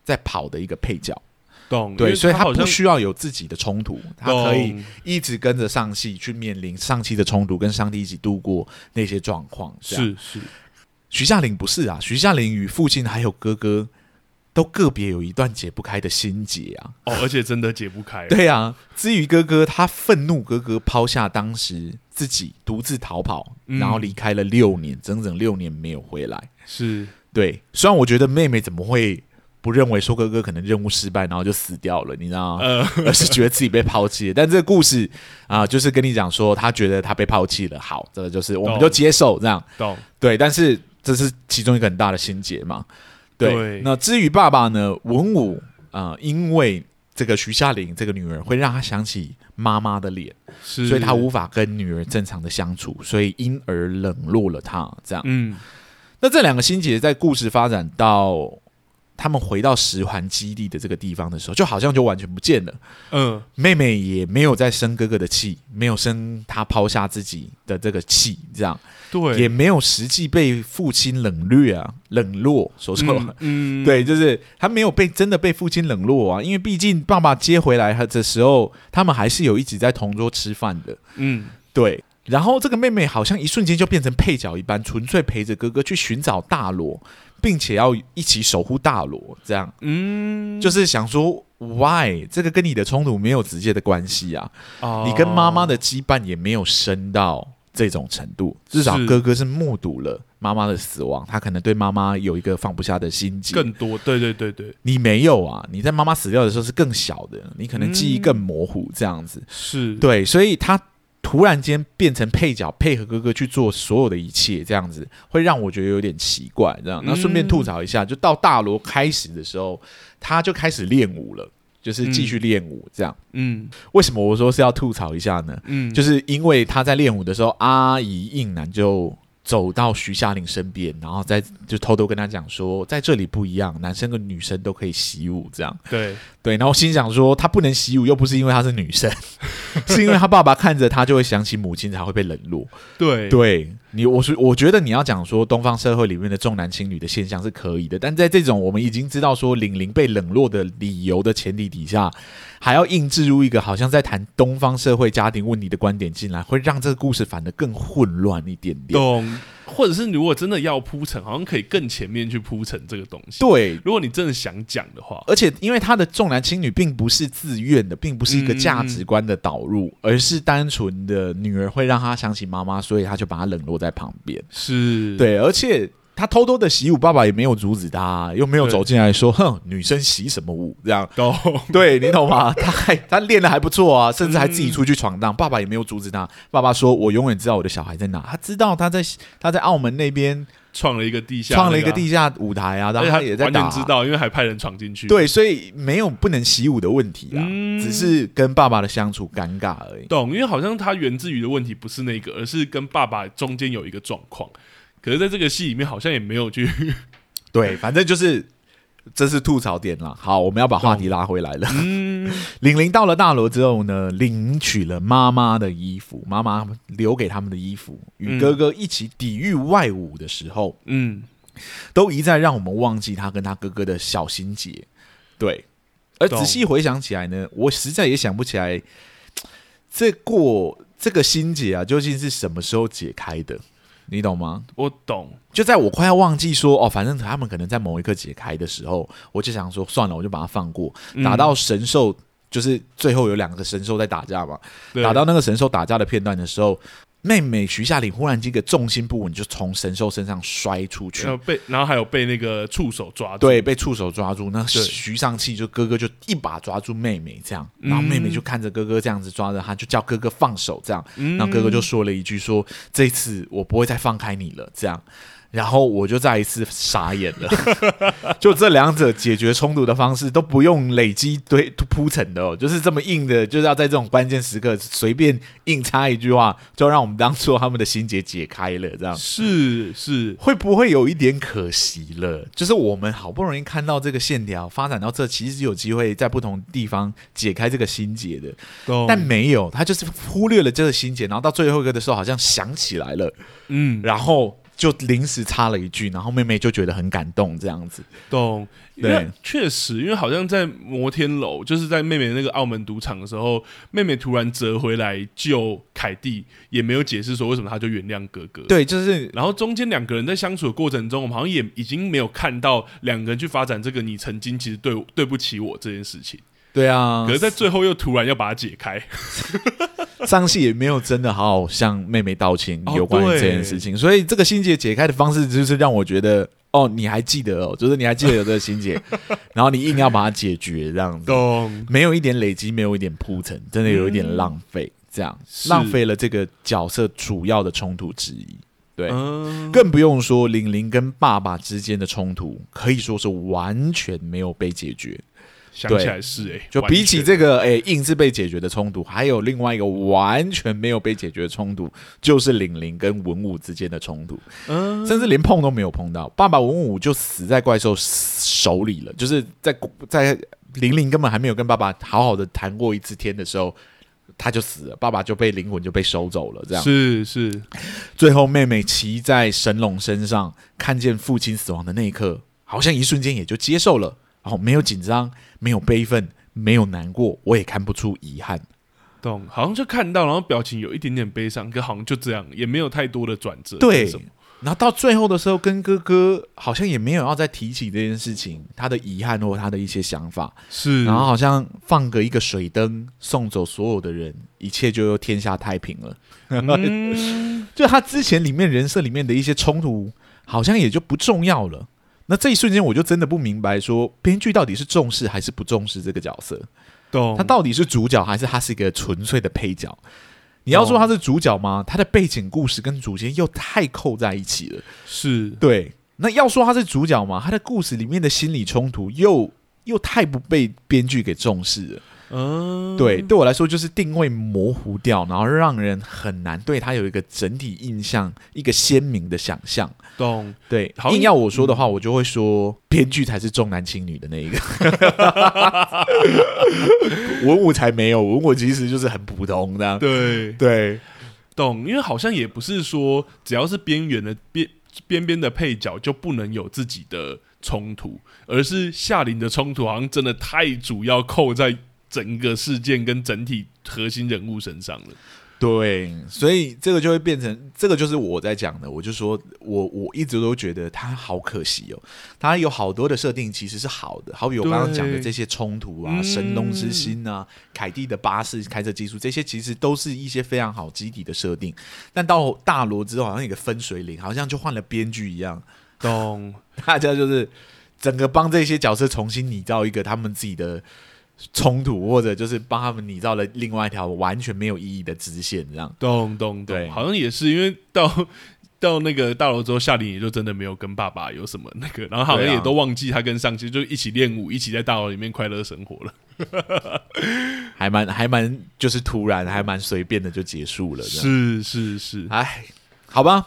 S2: 在跑的一個配角，懂對，好像所以他不需要有自己的衝突，懂他可以一直跟着尚氣去面臨尚氣的衝突，跟尚氣一起度過那些狀況這樣。是是，徐夏玲不是啊，徐夏玲與父親還有哥哥。都個別有一段解不開的心結啊！哦，
S1: 而且真的解不開，啊。 對啊，
S2: 至於哥哥，他憤怒哥哥拋下當時自己獨自逃跑，嗯、然後離開了六年，整整六年沒有回來。是，對。雖然我覺得妹妹怎麼會不認為說哥哥可能任務失敗，然後就死掉了，你知道嗎？呃、而是覺得自己被拋棄了。 但這個故事啊、呃，就是跟你講說，他覺得他被拋棄了。好，這個就是我們就接受懂這樣。懂對，但是這是其中一個很大的心結嘛。
S1: 對，對那至
S2: 於爸爸呢？文武啊、呃，因為這個徐夏玲這個女兒會讓他想起媽媽的臉，是所以他無法跟女兒正常的相處，所以因而冷落了她。這樣，嗯，那這兩個心結在故事發展到。他們回到十環基地的這個地方的時候，就好像就完全不見了。嗯，妹妹也沒有在生哥哥的氣，沒有生他拋下自己的這個氣，這樣。對，也沒有實際被父親冷略啊，冷落，說錯了。嗯，對，就是他沒有被真的被父親冷落啊，因為畢竟爸爸接回來他的時候，他們還是有一直在同桌吃飯的。嗯，對。然後這個妹妹好像一瞬間就變成配角一般，純粹陪着哥哥去尋找大羅，並且要一起守護大羅，這樣，
S1: 嗯，就是
S2: 想說，why 這個跟你的衝突沒有直接的關係啊？你跟媽媽的羈絆也沒有深到這種程度，至少哥哥是目睹了媽媽的死亡，他可能對媽媽有一個放不下的心結。更
S1: 多，對對對對，
S2: 你沒有啊？你在媽媽死掉的時候是更小的，你可能記憶更模糊，這樣子是對，所以他。突然間變成配角，配合哥哥去做所有的一切，這樣子會讓我覺得有點奇怪，這樣。那順便吐槽一下，就到大羅開始的時候，他就開始練武了，就是繼續練武。這樣。嗯，為什麼我說是要吐槽一下呢？嗯，就是因為他在練武的時候，阿姨應男就。走到徐夏靈身邊，然後再就偷偷跟他講說，在這裡不一樣，男生跟女生都可以習武，這樣。對對，然後心想說，他不能習武，又不是因為他是女生， 是因為他爸爸看着他就會想起母親，才會被冷落。
S1: 對對。對
S2: 你我是我覺得你要講說東方社會裡面的重男輕女的現象是可以的，但在這種我們已經知道說玲玲被冷落的理由的前提底下，還要硬植入一個好像在談東方社會家庭問題的觀點進來，會讓這個故事反而更混亂一點點。懂。
S1: 或者是如果真的要鋪陳，好像可以更前面去鋪陳這個東西。對，如果你真的想講的話，而且
S2: 因為他的重男輕女並不是自願的，並不是一個價值觀的導入，嗯，而是單純的女兒會讓他想起媽媽，所以他就把她冷落在旁邊。是，對，而且。他偷偷的習武，爸爸也沒有阻止他，又沒有走進來說：“對哼，女生習什麼武？”這樣，懂？對你懂嗎？ 他還他練的還不錯啊，甚至還自己出去闖蕩，嗯、爸爸也沒有阻止他。爸爸說：“我永遠知道我的小孩在哪。”他知道他在他在澳門那邊創了一個地下創了一個地下舞台啊，啊然後他也在打，而且他完全知道，因為還派人闖進去。對，所以沒有不能習武的問題啊，嗯、只是跟爸爸的相處尷尬而已。懂？因為好像
S1: 他源自於的問題不是那個，而是跟爸爸中間有一個狀況。可是，在這個戲裡面，好像也沒有去
S2: 對，反正就是這是吐槽點啦。好，我們要把話題拉回來了。嗯，玲玲 到了大樓之後呢，領取了媽媽的衣服，媽媽留給他們的衣服，與哥哥一起抵禦外侮的時候，嗯，都一再讓我們忘記他跟他哥哥的小心結。對，嗯、而仔細回想起來呢，我實在也想不起來這過這個心結啊，究竟是什麼時候解開的？你懂嗎？我懂。就在我快要忘記說哦，反正他們可能在某一刻解開的時候，我就想說算了，我就把它放過。打到神獸，嗯、就是最後有兩個神獸在打架嘛。對打到那個神獸打架的片段的時候。妹妹徐夏玲忽然這個重心不穩，就從神獸身上摔出去，然後
S1: 被然後還有被那個觸手抓住，對，
S2: 被觸手抓住。那徐尚氣就哥哥就一把抓住妹妹，這樣，對然後妹妹就看着哥哥這樣子抓着他，就叫哥哥放手，這樣，嗯、然後哥哥就說了一句說，說、嗯、這次我不會再放開你了，這樣。然後我就再一次傻眼了， 就這兩者解決衝突的方式都不用累積堆鋪陳的，哦。就是這麼硬的，就是要在這種關鍵時刻隨便硬插一句話，就讓我們當初他們的心結解開了，這樣是是會不會有一點可惜了？就是我們好不容易看到這個線條發展到這，其實有機會在不同地方解開這個心結的，但沒有，他就是忽略了這個心結，然後到最後一個的時候好像想起來了，嗯，然後。嗯就臨時插了一句，然後妹妹就覺得很感動，這樣子。
S1: 懂，因為對，確實，因為好像在摩天樓，就是在妹妹那個澳門賭場的時候，妹妹突然折回來救凱蒂，也沒有解釋說為什麼她就原諒哥哥。對，就是，然後中間兩個人在相處的過程中，我們好像也已經沒有看到兩個人去發展這個你曾經其實對對不起我這件事情。
S2: 對啊，可是，在最後又突然要把它解開， 尚氣也沒有真的好好向妹妹道歉、哦、有關於這件事情，對所以這個心結解開的方式，就是讓我覺得，哦，你還記得，哦，就是你還記得有這個心結， 然後你硬要把它解決這樣子，懂沒有一點累積，沒有一點鋪陳，真的有一點浪費，這樣、嗯、浪費了這個角色主要的衝突之一，對，嗯、更不用說玲玲跟爸爸之間的衝突，可以說是完全沒有被解決。想起來是哎、欸，就比起這個哎完全，欸、硬是被解決的衝突，還有另外一個完全沒有被解決的衝突，就是玲玲跟文武之間的衝突，嗯，甚至連碰都沒有碰到，爸爸文武就死在怪獸手裡了，就是在在玲玲根本還沒有跟爸爸好好的談過一次天的時候，他就死了，爸爸就被靈魂就被收走了，這樣是是，是最後妹妹騎在神龍身上，看見父親死亡的那一刻，好像一瞬間也就接受了。然後沒有緊張，沒有悲憤，沒有難過，我也看不出遺憾。
S1: 懂，好像就看到，然後表情有一點點悲傷，可好像就這樣，也沒有太多的轉折。對，
S2: 然後到最後的時候，跟哥哥好像也沒有要再提起這件事情，他的遺憾或他的一些想法。是，然後好像放個一個水燈，送走所有的人，一切就又天下太平了。嗯、 就他之前裡面人設裡面的一些衝突，好像也就不重要了。那這一瞬間，我就真的不明白，說編劇到底是重視還是不重視這個角色？他到底是主角還是他是一個純粹的配角？你要說他是主角嗎？他的背景故事跟主角又太扣在一起了。是對。那要說他是主角嗎？他的故事裡面的心理衝突又又太不被編劇給重視了。
S1: 嗯，uh、對，
S2: 對我來說就是定位模糊掉，然後讓人很難對他有一個整體印象，一個鮮明的想象。懂，對，好硬要我說的話，嗯、我就會說編劇才是重男輕女的那一個，文武才沒有文武。其實就是很普通這樣。對，對，
S1: 懂，因為好像也不是說只要是邊緣的邊邊邊的配角就不能有自己的衝突，而是夏琳的衝突好像真的太主要扣在，整個事件跟整體核心人物身上了，
S2: 對，所以這個就會變成這個就是我在講的，我就說我我一直都覺得他好可惜哦，他有好多的設定其實是好的，好比我剛剛講的這些衝突啊、對神龍之心啊、凱、嗯、蒂的巴士開車技術這些，其實都是一些非常好基底的設定。但到大羅之後，好像一個分水嶺，好像就換了編劇一樣，懂？ 大家就是整個幫這些角色重新擬造一個他們自己的。衝突或者就是幫他們擬造了另外一條完全沒有意義的支線，這樣咚咚，咚，對，好像也是因為到到那個大樓之後，夏玲也就真的
S1: 沒有跟爸爸有什麼那個，然後好像也都忘記他跟尚氣、啊、就一起練武，一起在大樓裡面快樂
S2: 生活了， 還蠻還蠻就是突然還蠻隨便的就結束了，是是是，哎，好吧，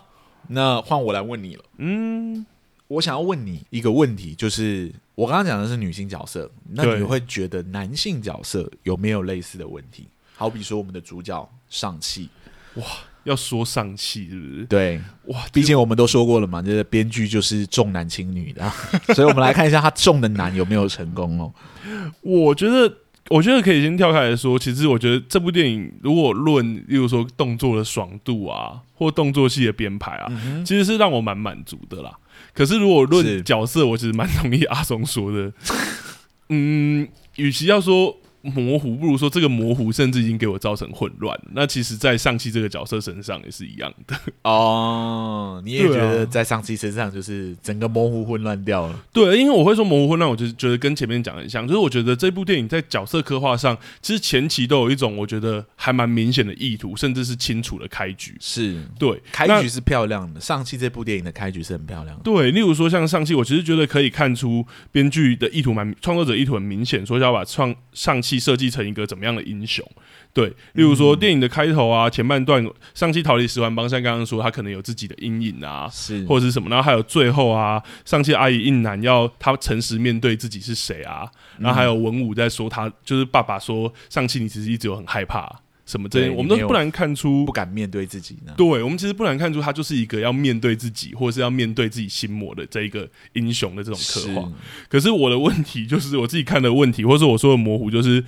S2: 那換我來問你了，嗯。我想要問你一個問題，就是我剛剛講的是女性角色，那你會覺得男性角色有沒有類似的問題？好比說我們的主角尚氣，
S1: 哇，要說尚氣是不是？對，哇，畢竟
S2: 我們都說過了嘛，這個編劇就是重男輕女的， 所以我們來看一下他重的男有沒有成功哦。
S1: 我覺得，我覺得可以先跳開來說，其實我覺得這部電影如果論，例如說動作的爽度啊，或動作戲的編排啊，嗯、哼其實是讓我蠻滿足的啦。可是，如果論角色，是我其實蠻同意阿松說的。 嗯，與其要說。模糊不如說這個模糊，甚至已經給我造成混亂。
S2: 那其實，在尚氣這個角色身上也是一樣的哦。你也覺得在尚氣身上就是整個模糊混亂掉了。對啊。
S1: 對，因為我會說模糊混亂，我就覺得跟前面講的很像。就是我覺得這部電影在角色刻畫上，其實前期都有一種我覺得還蠻明顯的意圖，甚
S2: 至是清楚的開局。是對，開局是漂亮的。那，尚氣這部電影的開局是很漂亮
S1: 的。對，例如說像尚氣，我其實覺得可以看出編劇的意圖蠻，創作者意圖很明顯，說要把創尚氣。設計成一個怎麼樣的英雄？對，例如說電影的開頭啊，嗯、前半段尚氣逃離十環幫，像剛剛說，他可能有自己的陰影啊，是或者是什麼？然後還有最後啊，尚氣阿姨應南要他誠實面對自己是誰啊？嗯、然後還有文武在說他，就是爸爸說，尚氣你其實一直有很害怕。什麼這些，對我們都不難
S2: 看出，不敢面對自己呢？
S1: 對，我們其實不難看出，他就是一個要面對自己，或者是要面對自己心魔的這一個英雄的這種刻畫。是，可是我的問題就是，我自己看的問題，或者我說的模糊，就是，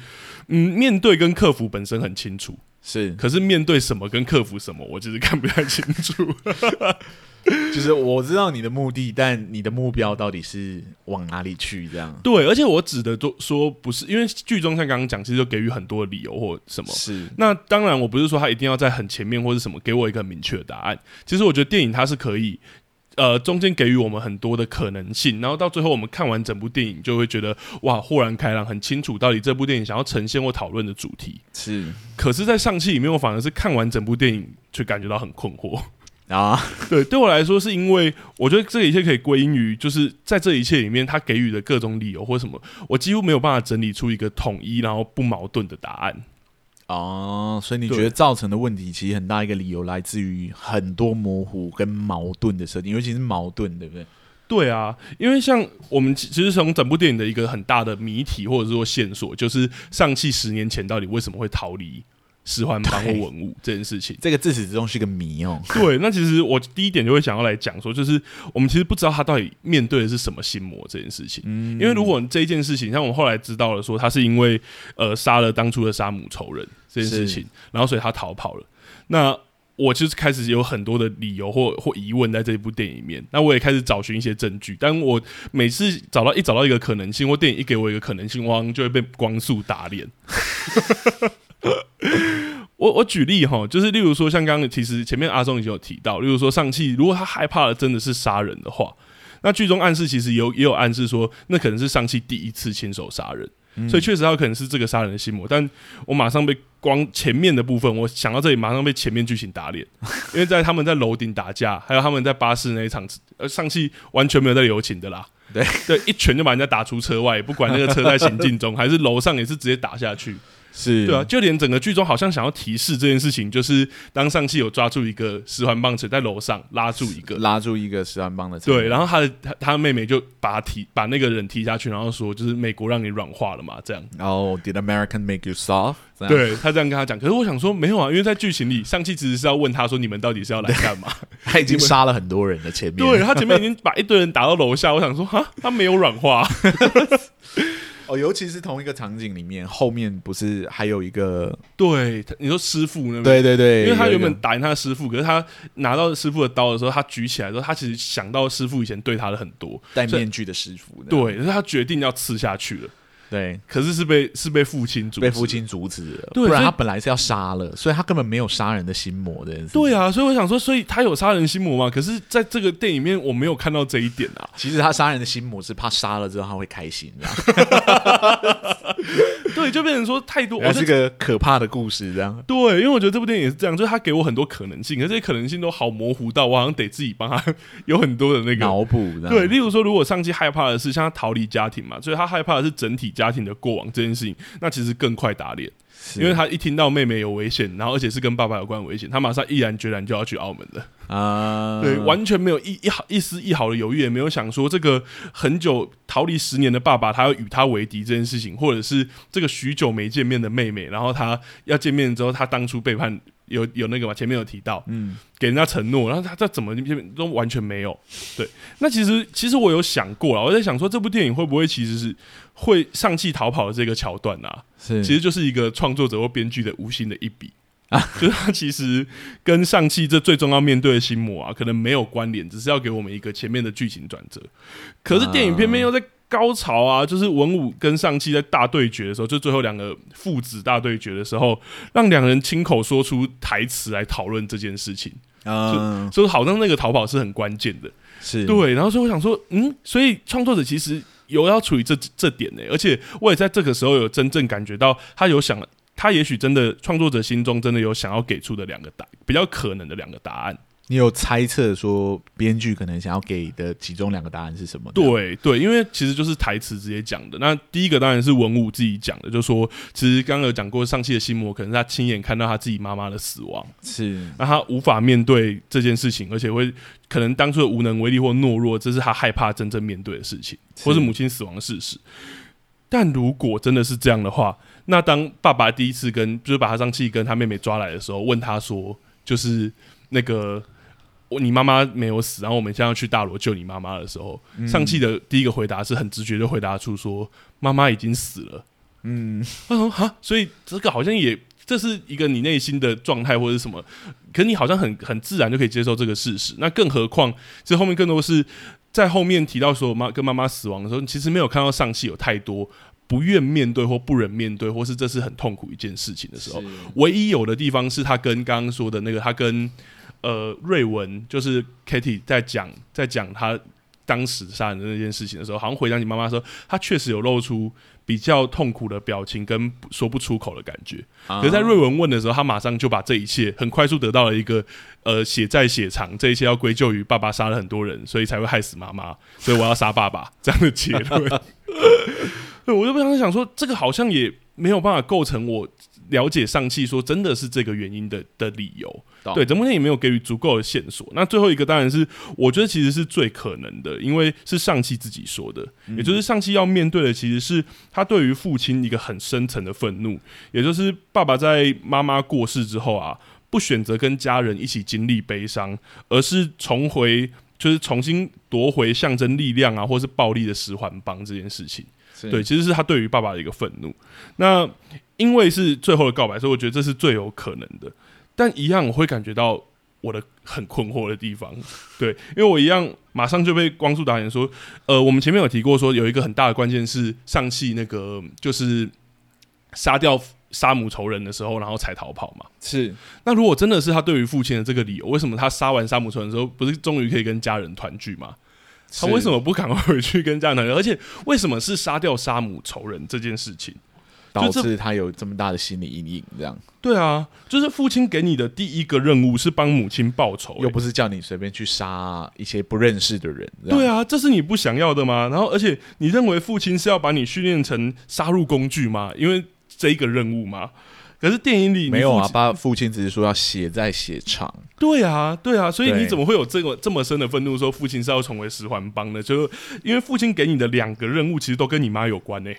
S1: 嗯，面對跟克服本身很清楚。是，可是面對
S2: 什麼跟克服什麼，我就是看不太清楚。 就是我知道你的目的，但你的目標到底是往哪裡去？這樣
S1: 對，而且我指的都說不是，因為劇中像剛剛講，其實就給予很多理由或什麼。是，那當然我不是說他一定要在很前面或者什麼，給我一個明確的答案。其實我覺得電影它是可以。呃，中間給予我們很多的可能性，然後到最後我們看完整部電影，就會覺得哇，豁然開朗，很清楚到底這部電影想要呈現或討論的主題是。可是在尚氣裡面，我反而是看完整部電影，就感覺到很困惑啊。對，對我來說，是因為我覺得這一切可以歸因於，就是在這一切裡面，他給予的各種理由或什麼，我幾乎沒有辦法整
S2: 理出一個統一然後不矛盾的答案。啊、哦，所以你覺得造成的問題，其實很大一個理由來自於很多模糊跟矛盾的設定，尤其是矛盾，對不對？
S1: 對啊，因為像我們其實從整部電影的一個很大的謎題，或者說線索，就是尚氣十年前到底為什麼會逃離？使喚幫文武對這件事情，這個自始至終是一個謎哦。對，是那其實我第一點就會想要來講說，就是我們其實不知道他到底面對的是什麼心魔這件事情。嗯，因為如果這一件事情，像我們後來知道了，說他是因為呃殺了當初的殺母仇人這件事情，是然後所以他逃跑了。那我就是開始有很多的理由或或疑問在這一部電影裡面。那我也開始找尋一些證據，但我每次找到一找到一個可能性，或電影一給我一個可能性，哇就會被光速打臉。 我我舉例哈，就是例如說，像剛剛其實前面阿松已經有提到，例如說，尚氣如果他害怕了真的是殺人的話，那劇中暗示其實也有也有暗示說，那可能是尚氣第一次親手殺人，嗯、所以確實他可能是這個殺人的心魔。但我馬上被光前面的部分，我想到這裡馬上被前面劇情打臉，因為在他們在樓頂打架，還有他們在巴士那一場，尚氣完全沒有在留情的啦，對對，一拳就把人家打出車外，不管那個車在行進中 還是樓上，也是直接打下去。是，對啊，就連整個劇中好像想要提示這件事情，就是當尚氣有抓住一個十環棒子在樓上拉住一個，拉住一個十環棒的車，對，然後他的他妹妹就把他提把那個人踢下去，然後說就是美國讓你軟化了嘛，這樣。然後、oh, Did American make you soft？對他這樣跟他講，可是我想說沒有啊，因為在劇情裡尚氣其實是要問他說你們到底是要來幹嘛？
S2: 他已經殺了很多人了，前面， 對他前面已經把一
S1: 堆人打到樓下，我想說哈，他沒有軟化。
S2: 哦，尤其是同一個場景裡面，後面不是還有一個？對，你說師傅那邊，對對對，因為他原本
S1: 打贏他的師傅，可是他拿到師傅的刀的時候，他舉起來的時候，他其實想到師傅以前對他的很多戴面具的師傅，以對，所以他決定要刺下去了。嗯。對，可
S2: 是是被是被父親阻被父親阻止，阻止了，對，不然他本來是要殺了，所以他根本沒有殺人的心魔的。這個、
S1: 對啊，所以我想說，所以他有殺人心魔嗎？可是，在這個電影裡面，我沒有看到
S2: 這一點啊。其實他殺人的心魔是怕殺了之後他會開心，
S1: 對，就變成說太多，還是個
S2: 可怕的故事這樣。
S1: 對，因為我覺得這部電影也是這樣，就是他給我很多可能性，可是這些可能性都好模糊到，我好像得自己幫他有很多的那個腦補。對，例如說，如果尚氣害怕的是像他逃離家庭嘛，所以他害怕的是整體。家庭的過往這件事情，那其實更快打臉，是因為他一聽到妹妹有危險，然後而且是跟爸爸有關危險，他馬上毅然決然就要去澳門了啊！嗯、對，完全沒有一一毫一絲一毫的猶豫，也沒有想說這個很久逃離十年的爸爸，他要與他為敵這件事情，或者是這個許久沒見面的妹妹，然後他要見面之後，他當初背叛。有有那個吧。前面有提到，嗯，給人家承諾，然後他,他這怎麼偏偏都完全沒有？對，那其實其實我有想過啦，我在想說這部電影會不會其實是會尚氣逃跑的這個橋段啊？是，其實就是一個創作者或編劇的無心的一筆啊，他其實跟尚氣這最終要面對的心魔啊，可能沒有關聯，只是要給我們一個前面的劇情轉折。可是電影偏偏又在。高潮啊，就是文武跟尚氣在大對決的時候，就最後兩個父子大對決的時候，讓兩人親口說出台詞來討論這件事情啊、uh,，所以好像那個逃跑是很關鍵的，是對。然後所以我想說，嗯，所以創作者其實有要處理這這點呢、欸，而且我也在這個時候有真正感覺到他有想，他也許真的創作者心中真的有想要給出的兩
S2: 個答，比較可能的兩個答案。你有猜測說編劇可能想要給的其中兩個答案是什麼？對
S1: 對，因為其實就是台詞直接講的。那第一個當然是文武自己講的，就說其實剛剛有講過，尚氣的心魔可能是他親眼看到他自己媽媽的死亡，是那他無法面對這件事情，而且會可能當初的無能為力或懦弱，這是他害怕真正面對的事情，是或是母親死亡的事實。但如果真的是這樣的話，那當爸爸第一次跟就是把他尚氣跟他妹妹抓來的時候，問他說，就是那個。你媽媽沒有死，然後我們現在要去大羅救你媽媽的時候，嗯、尚氣的第一個回答是很直覺就回答出說媽媽已經死了。嗯，他說哈，所以這個好像也這是一個你內心的狀態或者是什麼，可你好像很很自然就可以接受這個事實。那更何況，這後面更多是在後面提到說媽跟媽媽死亡的時候，你其實沒有看到尚氣有太多不願面對或不忍面對，或是這是很痛苦一件事情的時候，是唯一有的地方是他跟剛剛說的那個他跟。呃，瑞文就是 Kitty 在講在講他當時殺人的那件事情的時候，好像回想起媽媽說，他確實有露出比較痛苦的表情跟不說不出口的感覺。可是在瑞文問的時候，他馬上就把這一切很快速得到了一個呃血債血償，這一切要歸咎於爸爸殺了很多人，所以才會害死媽媽，所以我要殺爸爸 這樣的結論。 我就不想想說，這個好像也沒有辦法構成我。了解上氣，說真的是這個原因的的理由，道對，怎麼也沒有給予足夠的線索。那最後一個當然是，我覺得其實是最可能的，因為是上氣自己說的，嗯、也就是上氣要面對的其實是他對於父親一個很深層的憤怒，也就是爸爸在媽媽過世之後啊，不選擇跟家人一起經歷悲傷，而是重回，就是重新奪回象徵力量啊，或是暴力的十環幫這件事情。是對，其實是他對於爸爸的一個憤怒。那因為是最後的告白，所以我覺得這是最有可能的。但一樣，我會感覺到我的很困惑的地方。對，因為我一樣馬上就被光速導演說，呃，我們前面有提過說，說有一個很大的關鍵是，尚氣那個就是殺掉殺母仇人的時候，然後才逃跑嘛。是。那如果真的是他對於父親的這個理由，為什麼他殺完殺母仇人之後，不是終於可以跟家人團聚嗎？他為什麼不趕快回去跟家人家？而且為什麼是殺掉殺母仇人這件事情，
S2: 導致他有這麼大的心理陰影？這樣對啊，就是父親給你的第一個任務是幫母親報仇、欸，又不是叫你隨便去殺一些不認識的人。
S1: 對啊，這是你不想要的嗎？然後，而且你認為父親是要把你訓練成殺戮工具嗎？因為這一個任務嗎？可是電影裡沒有啊，爸，父親只是說要血債血償。對啊，對啊，所以你怎麼會有這麼這麼深的憤怒？說父親是要成為十環幫的，就因為父親給你的兩個任務，其實都跟你媽有關呢、
S2: 欸。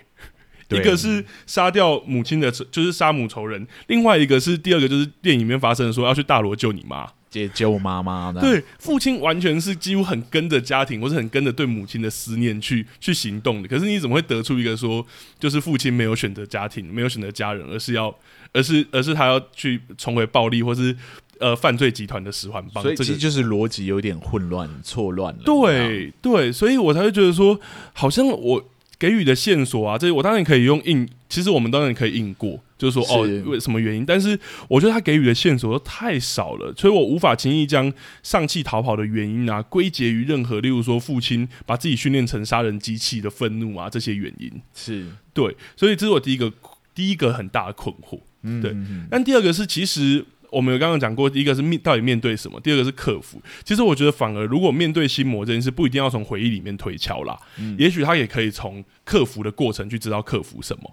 S2: 一個是
S1: 殺掉母親的仇，就是殺母仇人；另外一個是第二個，就是電影裡面發生的，說要去
S2: 大羅救你媽。解救媽媽
S1: 的，對父親完全是幾乎很跟着家庭，或者很跟着對母親的思念去去行動的。可是你怎麼會得出一個說，就是父親沒有選擇家庭，沒有選擇家人，而是要，而是而是他要去成為暴力或是呃犯罪集團的十環幫？所以這個其實就是
S2: 邏輯有點混亂錯亂了。對
S1: 對，所以我才會覺得說，好像我給予的線索啊，這我當然可以用印其實我們當然可以硬過，就是說哦，為什麼原因？但是我覺得他給予的線索都太少了，所以我無法輕易將尚氣逃跑的原因啊歸結於任何，例如說父親把自己訓練成殺人機器的憤怒啊這些原因。是對，所以這是我第一個第一個很大的困惑。對，但第二個是，其實我們有剛剛講過，第一個是面到底面對什麼，第二個是克服。其實我覺得，反而如果面對心魔這件事，不一定要從回憶裡面推敲啦，也許他也可以從克服的過程去知道克服什麼。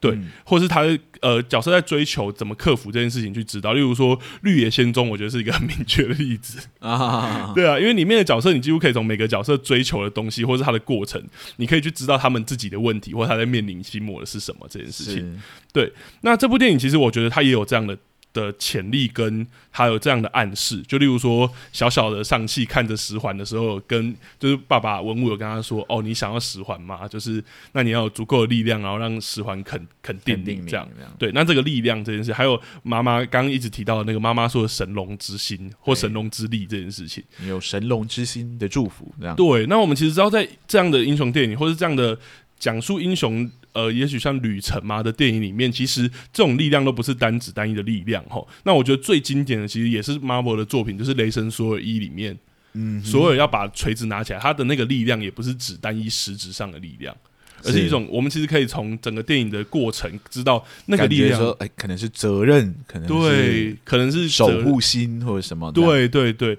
S1: 對，嗯、或是他是呃角色在追求怎麼克服這件事情去知道，例如說《綠野仙蹤》，我覺得是一個很明確的例子啊。對啊，因為裡面的角色，你幾乎可以從每個角色追求的東西，或是他的過程，你可以去知道他們自己的問題，或他在面臨寂寞的是什麼這件事情。是對，那這部電影其實我覺得它也有這樣的。的潛力跟還有這樣的暗示，就例如說小小的尚氣看着十環的時候，跟就是爸爸文武有跟他說：“哦，你想要十環嗎？就是那你要有足夠的力量，然後讓十環肯肯定你這樣。對，那這個力量這件事，還有媽媽剛剛一直提到的那個媽媽說的神龍之心或神龍之力這件事情，
S2: 有神龍之
S1: 心的祝福這樣。對，那我們其實知道在這樣的英雄電影或者這樣的。”講述英雄，呃，也許像旅程嘛的電影裡面，其實這種力量都不是單指單一的力量吼，那我覺得最經典的其實也是 Marvel 的作品，就是《雷神索爾》一裡面，嗯哼，所有要把錘子拿起來，他的那個力量也不是指單一實質上的力量，而是一種是的我們其實可以從整個電影的過
S2: 程知道那個力量哎、欸，可能是責任，可能是對，可能是守護心或者什麼，
S1: 對對對。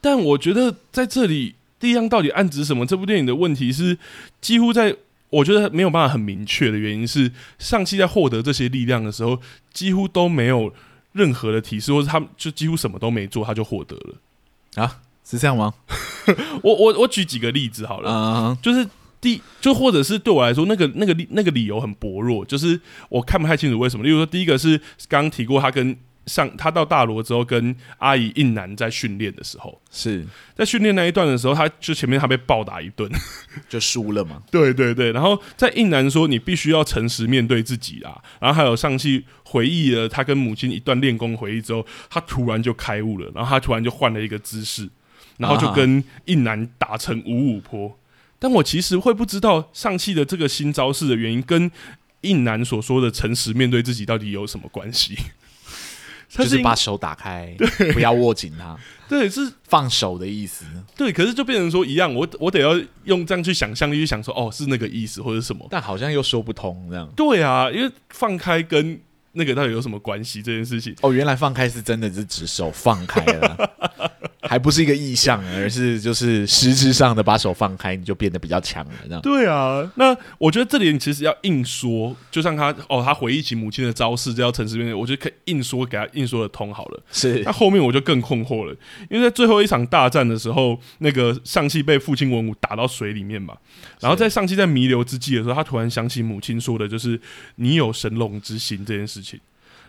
S1: 但我覺得在這裡力量到底暗指什麼？這部電影的問題是幾乎在。我覺得沒有辦法很明確的原因是，尚氣在獲得這些力量的時候，幾乎都沒有任何的提示，或者他們就幾乎什麼都沒做，他就獲得了啊？是這樣嗎？ 我我我舉幾個例子好了，uh huh. 就是第就或者是對我來說，那個那個那個那個理由很薄弱，就是我看不太清楚為什麼。例如說，第一個是剛剛提過，他跟。上他到大羅之後，跟阿姨印南在訓練的時候是，是在訓練那一段的時候，他就前面他被暴打
S2: 一頓，就輸了嘛。
S1: 對對對，然後在印南說：“你必須要誠實面對自己啊。”然後還有尚氣回憶了他跟母親一段練功回憶之後，他突然就開悟了，然後他突然就換了一個姿勢，然後就跟印南打成五五波。但我其實會不知道尚氣的這個新招式的原因，跟印南所說的誠實面對自己到底有什麼關係？
S2: 是就是把手打開，對不要握緊它。對，是放手的意思。
S1: 對，可是就變成說一樣，我我得要用這樣去想象，去想說，哦，是那個意思，或者是什麼，但好像又說不通這樣。對啊，因為
S2: 放開跟那個到底有什麼關係？這件事情哦，原來放開是真的，是指手放開了， 還不是一個意象，而是就是實質上的把手放開，你就變得比較強了這樣。那對
S1: 啊，那我覺得這裡你其實要硬說，就像他哦，他回憶起母親的招式這條城市變成”，我覺得可以硬說給他硬說的通好了。是那後面我就更困惑了，因為在最後一場大戰的時候，那個尚氣被父親文武打到水裡面嘛，然後在尚氣在彌留之際的時候，他突然想起母親說的，就是“你有神龍之心”這件事情。事情，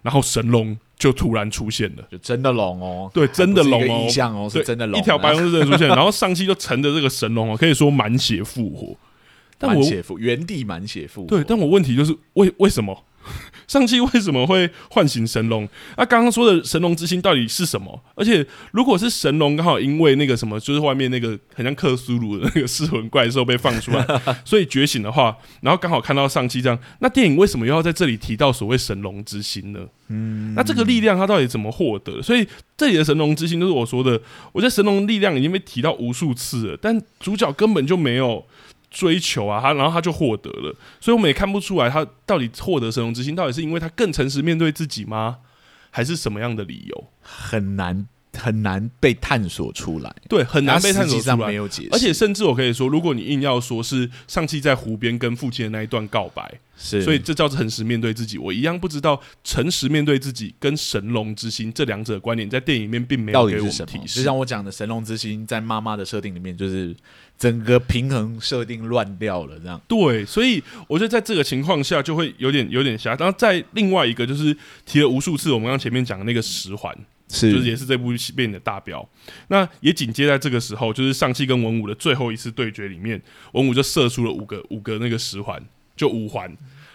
S1: 然後神龍就突然出現了，就真的龍哦，對，真的龍哦，哦對是真的龍啊，對嗯、一條白龍是真的出現， 然後上去就乘着這個神龍哦，可以說滿血復活，滿血
S2: 復，原地滿血復活，對，
S1: 但我問題就是為為什麼？尚氣為什麼會喚醒神龍？那剛剛說的神龍之心到底是什麼？而且如果是神龍，剛好因為那個什麼，就是外面那個很像克蘇魯的那個噬魂怪獸被放出來，所以覺醒的話，然後剛好看到尚氣這樣，那電影為什麼又要在這裡提到所謂神龍之心呢？嗯，那這個力量它到底怎麼獲得？所以這裡的神龍之心就是我說的，我覺得神龍力量已經被提到無數次了，但主角根本就沒有。追求啊，他然後他就獲得了，所以我們也看不出來他到底獲得神龍之心，到底是因為他更誠實面對自己嗎，還是什麼樣的理由？很
S2: 難。很難被探索出來，對，很難被探索出來。上沒有解釋，而且
S1: 甚至我可以說，如果你硬要說是尚氣在湖邊跟父親的那一段告白，是，所以這叫誠實面對自己。我一樣不知道誠實面對自己跟神龍之心這兩者的觀點，在電
S2: 影裡面，並沒有給我們提示，到底是什麼？就像我講的，神龍之心在媽媽的設定裡面，就是整個平衡設定亂掉了這樣。對，所以我覺得在這個情況下就會有點
S1: 有點瞎。然後在另外一個就是提了無數次，我們剛剛前面講的那個十環。嗯是，就是也是這部戲變的大標。那也緊接在這個時候，就是尚氣跟文武的最後一次對決裡面，文武就射出了五個五個那個十環，就五環，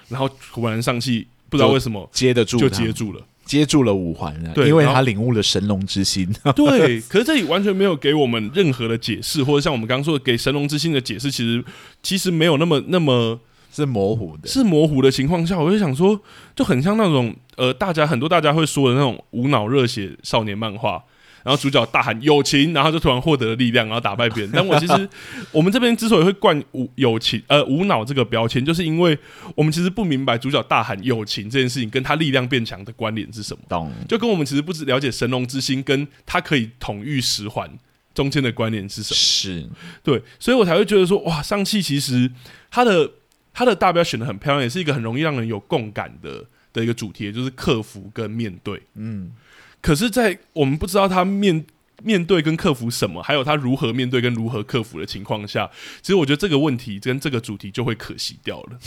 S1: 然後果然尚氣不知道為什麼接得住，就接住
S2: 了，接住了五環。對，因為他領悟了神龍之心。後對，
S1: 可是這裡完全沒有給我們任何的解釋， 或者像我們剛剛說的，給神龍之心的解釋，其實其實沒有那麼那麼。是模糊的，是模糊的情況下，我就想說，就很像那種呃，大家很多大家會說的那種無腦熱血少年漫畫，然後主角大喊友情，然後就突然獲得了力量，然後打敗別人。但我其實 我們這邊之所以會冠、呃、無友情呃無腦這個標籤，就是因為我們其實不明白主角大喊友情這件事情跟他力量變強的關聯是什麼，懂？就跟我們其實不只了解神龍之心跟他可以統御十環中間的關聯是什麼，是對，所以我才會覺得說，哇，尚氣其實他的。他的大標選得很漂亮，也是一個很容易讓人有共感的的一個主題，就是克服跟面對。嗯，可是，在我們不知道他面面對跟克服什麼，還有他如何面對跟如何克服的情況下，其實我覺得這個問題跟這個主題就會可惜掉了。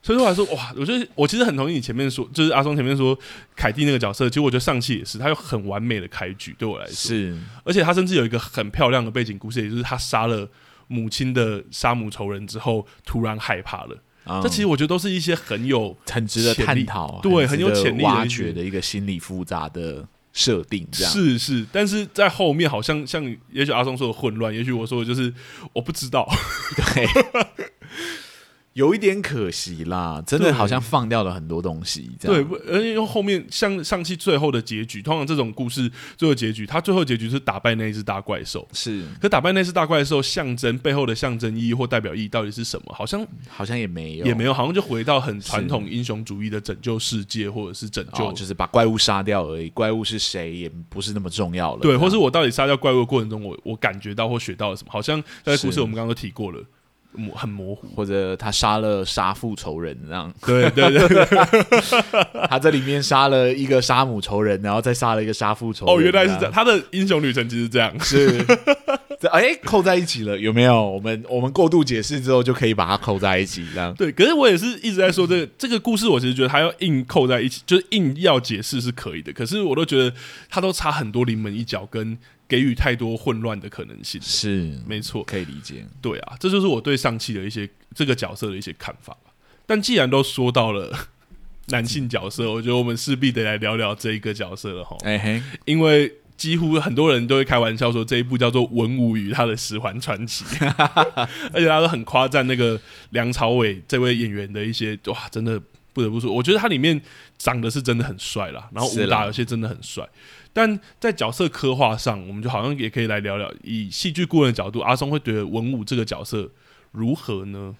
S1: 所以說來說，哇，我覺得我其實很同意你前面說，就是阿松前面說凱蒂那個角色，其實我覺得尚氣也是，他有很完美的開局，對我來說是，而且他甚至有一個很漂亮的背景故事，也就是他殺了。母親的殺母仇人之後，突然害怕了。嗯、這其實我覺得都是一些很有、很值得探討、對，很有潛力挖掘
S2: 的一,一個心理複雜的設定。這樣是
S1: 是，但是在後面好像像，也許阿松說的混亂，也許我說的就是我不知道。對
S2: 有一點可惜啦，真的好像放掉了很多東西。對，
S1: 而且樣後面像上期最後的結局，通常這種故事最後結局，它最後結局是打敗那隻大怪獸。是，可是打敗那只大怪獸象徵背後的象徵意義或代表意義到底是什麼？好
S2: 像好像也沒有，也沒有，好像
S1: 就回到很傳統英雄
S2: 主義的拯救世界，是或者是拯救、哦，就是把怪物殺掉而已。怪物是誰也不是那麼重要了。對，樣或是
S1: 我到底殺掉怪物的過程中，我我感覺到或學到了什麼？好像在、那個、故事我們剛剛都提
S2: 過了。很模糊，或者他殺了殺父仇人那樣。對對對，對， 他在裡面殺了一個殺母仇人，然後再殺了一個殺父仇人。哦，原來是這樣，
S1: 他的英雄旅程其實這樣，
S2: 是哎、欸、扣在一起了，有沒有？我們我們過度解釋之後就可以把它扣在一起，這樣。對，可是我也是一直在說這個這個故事，我其
S1: 實覺得他要硬扣在一起，就是硬要解釋是可以的，可是我都覺得他都差很多臨門一腳跟。給予太多混亂的可能性是沒錯，可以理解。對啊，這就是我對上期的一些這個角色的一些看法。但既然都說到了男性角色，嗯、我覺得我們勢必得來聊聊這一個角色了哈。嘿嘿因為幾乎很多人都會開玩笑說這一部叫做《文武與他的十環傳奇》， 而且他都很誇讚那個梁朝偉這位演員的一些哇，真的不得不說，我覺得他裡面長得是真的很帥啦，然後武打有些真的很帥。但在角色刻畫上，我們就好像也可以來聊聊，以戲劇顧問的角度，阿松會覺得文武這個角色如何呢？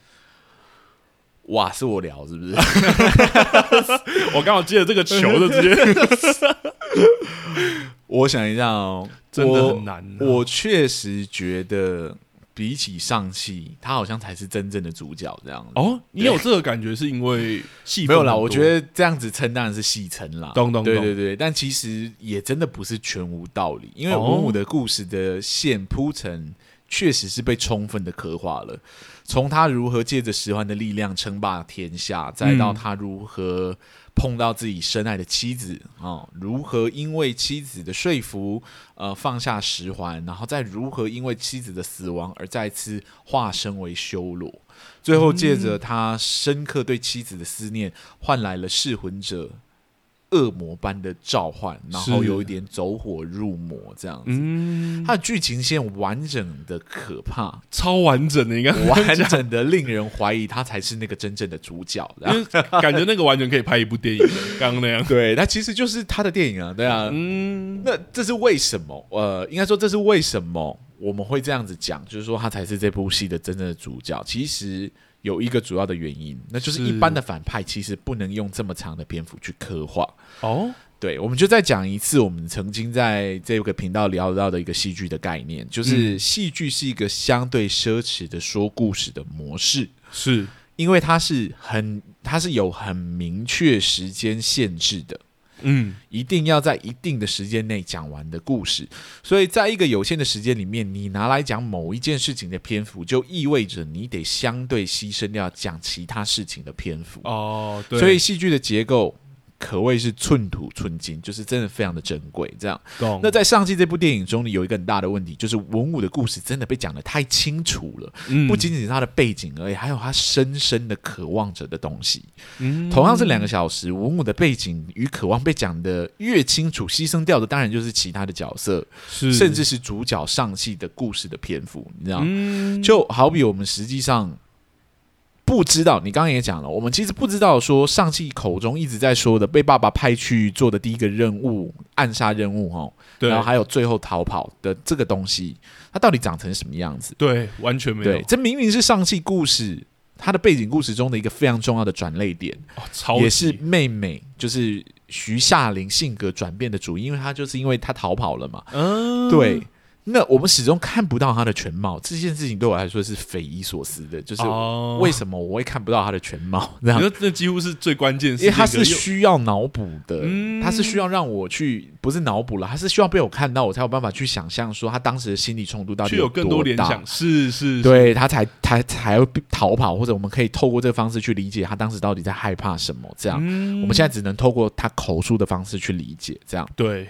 S2: 哇，是我聊是不是？
S1: 我剛好接了這個球的直接。
S2: 我想一下哦，真的很難啊，我。我確實覺得。比起尚氣他好像才是真正的主角這樣哦。
S1: 你有這個感覺是因為戲分沒有啦、啊，我覺
S2: 得這樣子稱當然是戲稱啦。咚咚咚對對對，但其實也真的不是全無道理，因為文武的故事的線鋪陳確實是被充分的刻畫了，從他如何借着十環的力量稱霸天下，嗯、再到他如何。碰到自己深愛的妻子啊、哦，如何因為妻子的說服，呃放下十環，然後再如何因為妻子的死亡而再次化身為修羅，最後借着他深刻對妻子的思念，換來了噬魂者，惡魔般的召喚，然後有一點走火入魔這樣子。嗯，他它的劇情線完整的可怕，
S1: 超完整
S2: 的，應該完整的令人懷疑他才是那個真正的主角。 感覺那個完全可以拍一部電影， 剛剛那樣。對，那其實就是他的電影啊，對啊。嗯，那這是為什麼？呃，應該說這是為什麼我們會這樣子講，就是說他才是這部戲的真正的主角。其實。有一個主要的原因，那就是一般的反派其實不能用這麼長的篇幅去刻畫。哦，對，我們就再講一次，我們曾經在這個頻道聊到的一個戲劇的概念，就是戲劇是一個相對奢侈的說故事的模式，是，嗯，因為它是很，它是有很明確時間限制的。嗯，一定要在一定的時間內講完的故事，所以在一個有限的時間裡面，你拿來講某一件事情的篇幅，就意味着你得相對犧牲掉講其他事情的篇幅。
S1: 哦，對，所以戲
S2: 劇的結構，可謂是寸土寸金，就是真的非常的珍貴。這樣，懂那在尚氣這部電影中，你有一個很大的問題，就是文武的故事真的被講得太清楚了。嗯、不僅僅是他的背景而已，還有他深深的渴望着的東西。嗯、同樣是兩個小時，文武的背景與渴望被講得越清楚，犧牲掉的當然就是其他的角色，是甚至是主角尚氣的故事的篇幅。你知道，嗯、就好比我們實際上。不知道，你剛剛也講了，我們其實不知道說尚氣口中一直在說的被爸爸派去做的第一個任務暗殺任務哈、哦，對然後還有最後逃跑的這個東西，它到底長成什麼樣子？
S1: 對，完全沒有。這
S2: 明明是尚氣故事它的背景故事中的一個非常重要的轉捩點，哦、也是妹妹就是徐夏玲性格轉變的主，因為她就是因為她逃跑了嘛。嗯、哦，對。那我們始終看不到他的全貌，這件事情對我來說是匪夷所思的。就是為什麼我會看不到他的全貌？那
S1: 這幾乎是最關鍵，因為他是需
S2: 要腦補的，嗯、他是需要讓我去，不是腦補了，他是需要被我看到，我才有辦法去想象說他當時的心理衝突到底有多大。是是，是對，他才他才才會逃跑，或者我們可以透過這個方式去理解他當時到底在害怕什麼。這樣，嗯、我們現在只能透過他口述的方式去理解。這樣，對。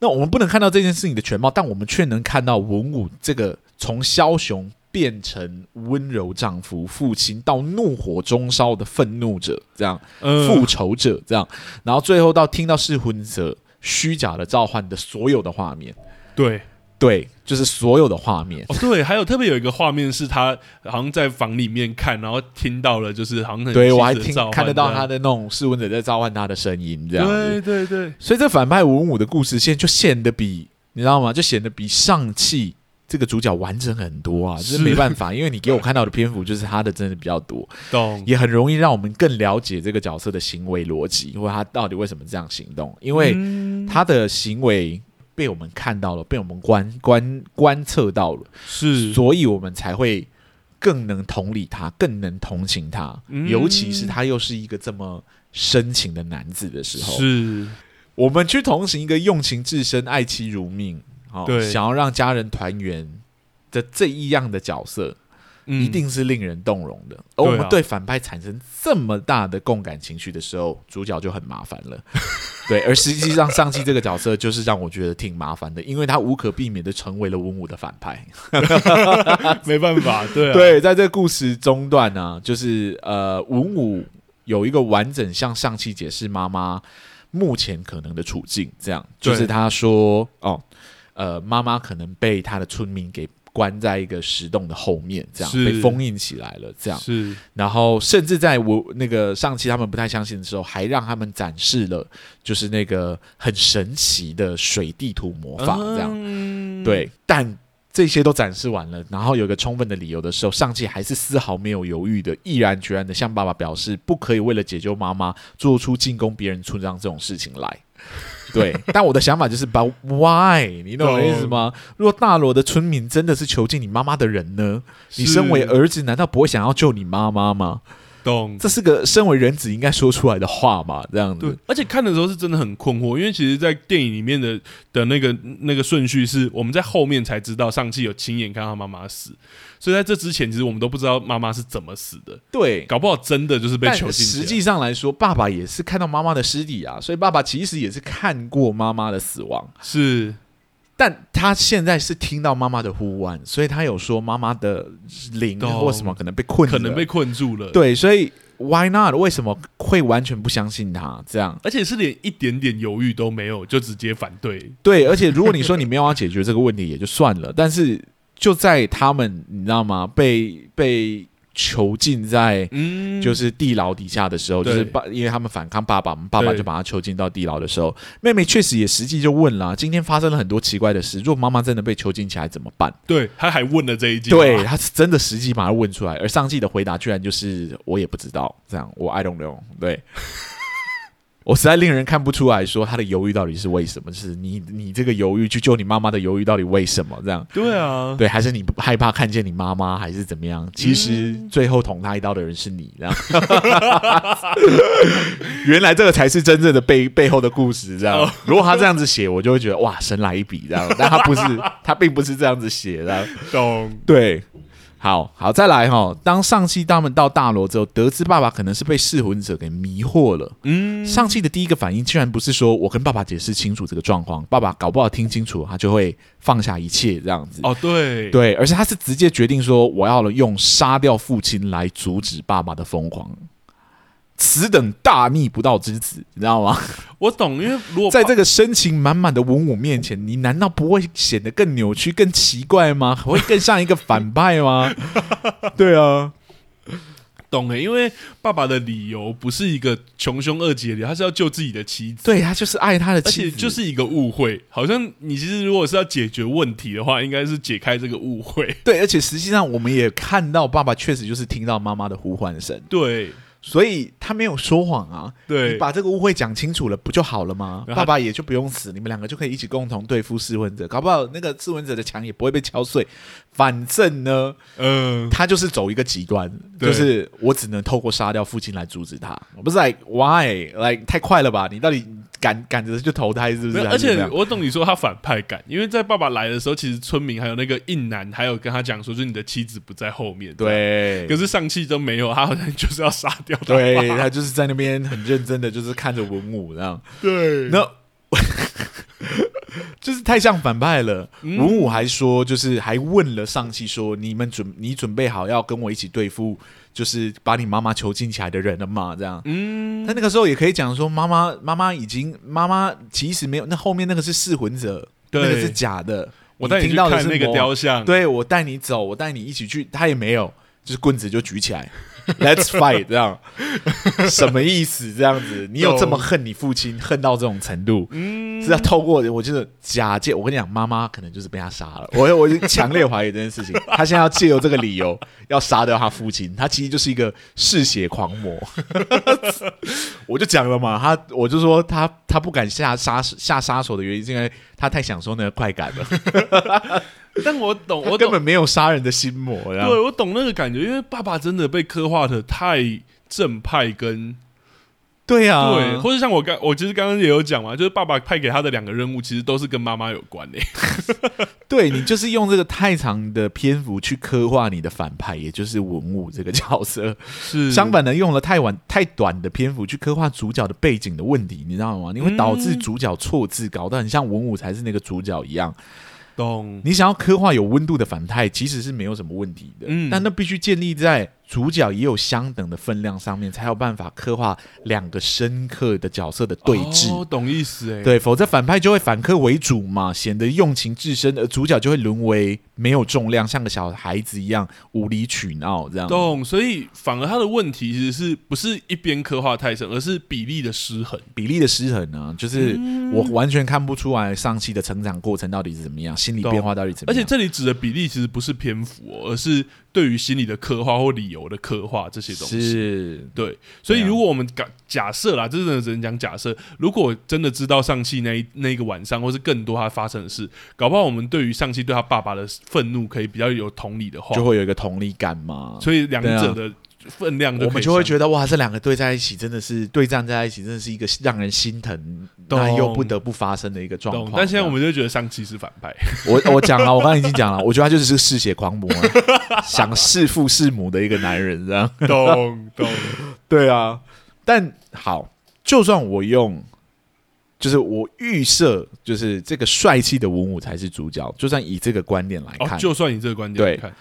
S2: 那我們不能看到這件事情的全貌，但我們卻能看到文武這個從梟雄變成溫柔丈夫、父親，到怒火中燒的憤怒者，這樣複、嗯、仇者，這樣，然後最後到聽到噬魂者虛假的召喚的所有的畫面，對。對，就是所有的畫面、哦。對，還有特別有一個畫面是
S1: 他好像在房裡面看，然後聽到了，就是好像很對我還聽看得到他的那
S2: 種試問者在召喚他的聲音，對這樣對。對對對。所以，這反派文武的故事線就顯得比你知道嗎？就顯得比尚氣這個主角完整很多啊。就是沒辦法，因為你給我看到的篇幅就是他的真的比較多，懂也很容易讓我們更了解這個角色的行為邏輯，或他到底為什麼這樣行動，因為他的行為。嗯被我們看到了，被我們觀觀觀測到了，是，所以我們才會更能同理他，更能同情他。嗯、尤其是他又是一個這麼深情的男子的時候，是我們去同情一個用情至深、愛妻如命、對哦，想要讓家人團圓的這一樣的角色，嗯、一定是令人動容的。而、啊哦、我們對反派產生這麼大的共感情緒的時候，主角就很麻煩了。 對，而實際上，尚氣這個角色就是讓我覺得挺麻煩的，因為他無可避免的成為了文武的反派， 沒辦法。對對，在這個故事中段呢、啊，就是呃，文武有一個完整向尚氣解釋媽媽目前可能的處境，這樣對就是他說哦，呃，媽媽可能被他的村民給。關在一個石洞的後面，這樣是被封印起來了。這樣，是然後甚至在我那個尚氣他們不太相信的時候，還讓他們展示了就是那個很神奇的水地圖魔法，這樣。嗯、對，但這些都展示完了，然後有一個充分的理由的時候，尚氣還是絲毫沒有猶豫的，毅然決然的向爸爸表示，不可以為了解救媽媽，做出進攻別人村莊這種事情來。 對，但我的想法就是把 why，你懂我意思嗎？若對大羅的村民真的是囚禁你媽媽的人呢？是你身為兒子，難道不會想要救你媽媽嗎？懂，這是個身為人子應該說出來的話嘛？這樣子。對，
S1: 而且看的時候是真的很困惑，因為其實，在電影裡面的的那個那個順序是我們在後面才知道，尚氣有親眼看到他媽媽死，所以在這之
S2: 前，其實我們都不知道媽媽是怎麼死的。對，搞不好真的就是被囚禁。但實際上來說，爸爸也是看到媽媽的屍體啊，所以爸爸其實也是看過媽媽的死亡。是。但他現在是聽到媽媽的呼喚，所以他有說媽媽的靈或什麼可能被困，可能被困住了。對，所以 why not？為什麼會完全不相信他這樣？
S1: 而且是連一點點猶豫都沒有，就直接反對。
S2: 對，而且如果你說你沒有要解決這個問題也就算了， 但是就在他們，你知道嗎？被被。囚禁在，就是地牢底下的時候，就是爸，因為他們反抗爸爸，爸爸就把他囚禁到地牢的時候，妹妹確實也實際就問了，今天發生了很多奇怪的事，如果媽媽真的被囚禁起來怎麼辦？
S1: 對他還問了這一句，對，他是
S2: 真的實際把他問出來，而上季的回答居然就是我也不知道，這樣，我 I don't know 對。 我實在令人看不出來，說他的猶豫到底是為什麼？是你，你這個猶豫去救你媽媽的猶豫到底為什麼？這樣？對啊，對，還是你害怕看見你媽媽，還是怎麼樣？其實最後捅他一刀的人是你，嗯、這樣。 原來這個才是真正的背背後的故事，這樣。哦、如果他這樣子寫，我就會覺得哇，神來一筆，這樣。但他不是， 他並不是這樣子寫的，這樣懂？對。好好再來哈、哦！當尚氣他們到大羅之後，得知爸爸可能是被噬魂者給迷惑了。嗯，尚氣的第一個反應竟然不是說“我跟爸爸解釋清楚這個狀況”，爸爸搞不好聽清楚，他就會放下一切這樣子。哦，對對，而且他是直接決定說：“我要了用殺掉父親來阻止爸爸的瘋狂。”此等大逆不道之子，你知道嗎？我懂，因為如果在這個深情滿滿的文武面前，你難道不會顯得更扭曲，更奇怪嗎？會更像一個反派嗎？ 對啊，懂、欸、因為爸爸的理由不是一個
S1: 窮兇惡極的理由，理他是要救自己的妻子。對，他
S2: 就是愛他的妻子，而
S1: 且就是一個誤會。好像你其實如果是要解決問題的話，應該是解開這個誤會。
S2: 對，而且實際上我們也看到，爸爸確實就是聽到媽媽的呼喚聲。對。所以他沒有說謊啊！對，你把這個誤會講清楚了，不就好了嗎？後爸爸也就不用死，你們兩個就可以一起共同對付噬魂者，搞不好那個噬魂者的牆也不會被敲碎。反正呢，嗯、呃，他就是走一個極端，對就是我只能透過殺掉父親來阻止他，我不是 like？Why？Like 太快了吧？你到底趕趕着就投胎是不是？有是而且
S1: 我懂你說他反派感， 因為在爸爸來的時候，其實村民還有那個印南，還有跟他講說，就是你的妻子不在後
S2: 面，對。可是
S1: 尚氣都沒有，他好像就是要殺掉他。他。對，他就
S2: 是在那邊很認真的，就是看着文武這樣。 對，那。 就是太像反派了。文武還說，就是還問了尚氣，說：“你們準，你準備好要跟我一起對付，就是把你媽媽囚禁起來的人了嗎？”這樣，嗯，但那個時候也可以講說：“媽媽，媽媽已經，媽媽其實沒有。那後面那個是噬魂者，對那個是假的。我聽到的是那個雕像，對我帶你走，我帶你一起去。他也沒有，就是棍子就舉起來。” Let's fight，這樣 什麼意思？這樣子，你有這麼恨你父親？ 恨到這種程度，嗯、是要透過我真的假借。我跟你講，媽媽可能就是被他殺了，我我就強烈懷疑這件事情。 他現在要借由這個理由 要殺掉他父親，他其實就是一個嗜血狂魔。 我就講了嘛，他我就說他他不敢下殺下殺手的原因，是因為他太享受那個快感了。 但我懂，我根本沒有殺人的心魔呀。 懂對，我
S1: 懂那個感覺，因為爸爸真的被刻畫。太正派跟
S2: 對啊，對，或
S1: 者像我剛我其實剛剛也有講嘛，就是爸爸派給他的兩個任務，其實都是跟媽媽有關的、欸。
S2: 對你就是用這個太長的篇幅去刻畫你的反派，也就是文武這個角色。是相反的，用了太晚太短的篇幅去刻畫主角的背景的問題，你知道嗎？你會導致主角錯置搞得很像文武才是那個主角一樣。懂？你想要刻畫有溫度的反派，其實是沒有什麼問題的。嗯，但那必須建立在。主角也有相等的分量，上面才有辦法刻畫兩個深刻的角色的對峙。我、哦、
S1: 懂意思哎。對，否
S2: 則反派就會反客為主嘛，顯得用情至深，而主角就會淪為沒有重量，像個小孩子一樣無理取鬧這樣。懂。
S1: 所以反而他的問題其實是不是一邊刻畫太深，而是
S2: 比例的失衡。比例的失衡呢、啊，就是我完全看不出來尚氣的成長過程到底是怎麼樣，心理變化到底怎麼樣。而且
S1: 這裡指的比例其實不是篇幅、哦，而是。對於心理的刻畫或理由的刻畫，這些東西是、是對。對啊、所以，如果我們假設啦，對啊、這真的只能講假設。如果真的知道尚氣那一、那一個晚上，或是更多他發生的事，搞不好我們對於尚氣對他爸爸的憤怒，可以比較有同理的話，就會有一個
S2: 同理感嘛。所以兩者的。分量，我們就會覺得哇，這兩個對在一起，真的是對戰在一起，真的是一個讓人心疼，但又不得不發生的一個狀況。但
S1: 現在我們就覺得尚氣是反派 我，我我講了，我剛才
S2: 已經講了，我覺得他就是個嗜血狂魔， 想弑父弑母的一個男人，這樣懂懂 對啊。但好，就算我用，就是我預設，就是這個帥氣的文武才是主角，就算以這個觀點來看，哦、就算
S1: 以這個觀點來看。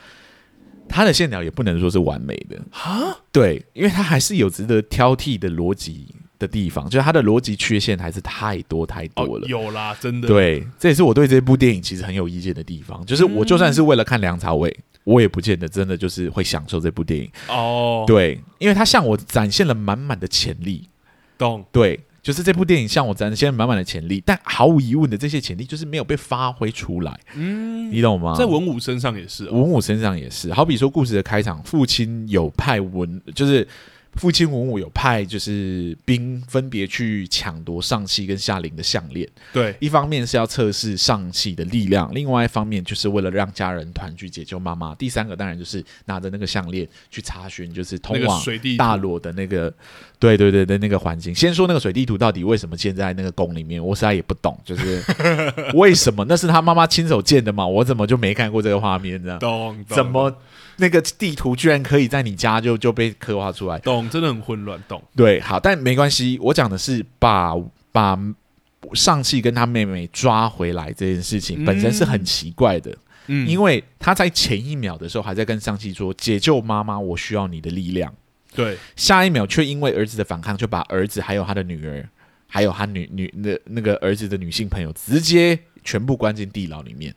S2: 它的線條也不能說是完美的哈，蛤對，因為它還是有值得挑剔的邏輯的地方，就是它的邏輯缺陷還是太多太多了。哦、有啦，真的。對，這也是我對這部電影其實很有意見的地方，就是我就算是為了看梁朝偉，嗯、我也不見得真的就是會享受這部電影
S1: 哦。對，
S2: 因為它向我展現了滿滿的潛力，懂動？對。就是這部電影向我展現滿滿的潛力，但毫無疑問的這些潛力就是沒有被發揮出來，嗯，你懂嗎？在
S1: 文武身上也是哦，文
S2: 武身上也是。好比說故事的開場，父親有派文，就是。父親文武,武有派就是兵分別去搶奪尚氣跟夏靈的項鏈，對，一方面是要測試尚氣的力量，另外一方面就是為了讓家人團聚、解救媽媽。第三個當然就是拿着那個項鏈去查詢，就是通往大羅的那個，對對對的那個環境。先說那個水地圖到底為什麼建在那個宮裡面，我實在也不懂，就是為什麼？那是他媽媽親手建的嘛？我怎麼就沒看過這個畫面？呢？
S1: 懂？怎
S2: 麼？那個地圖居然可以在你家就就被刻畫出來，
S1: 懂，真的很混亂，懂。
S2: 對，好，但沒關係。我講的是把把尚氣跟他妹妹抓回來這件事情本身是很奇怪的，嗯，因為他在前一秒的時候還在跟尚氣說“解救媽媽，我需要你的力量”，對，下一秒卻因為兒子的反抗，就把兒子還有他的女兒，還有他女女的那，那個兒子的女性朋友，直接全部關進地牢裡面，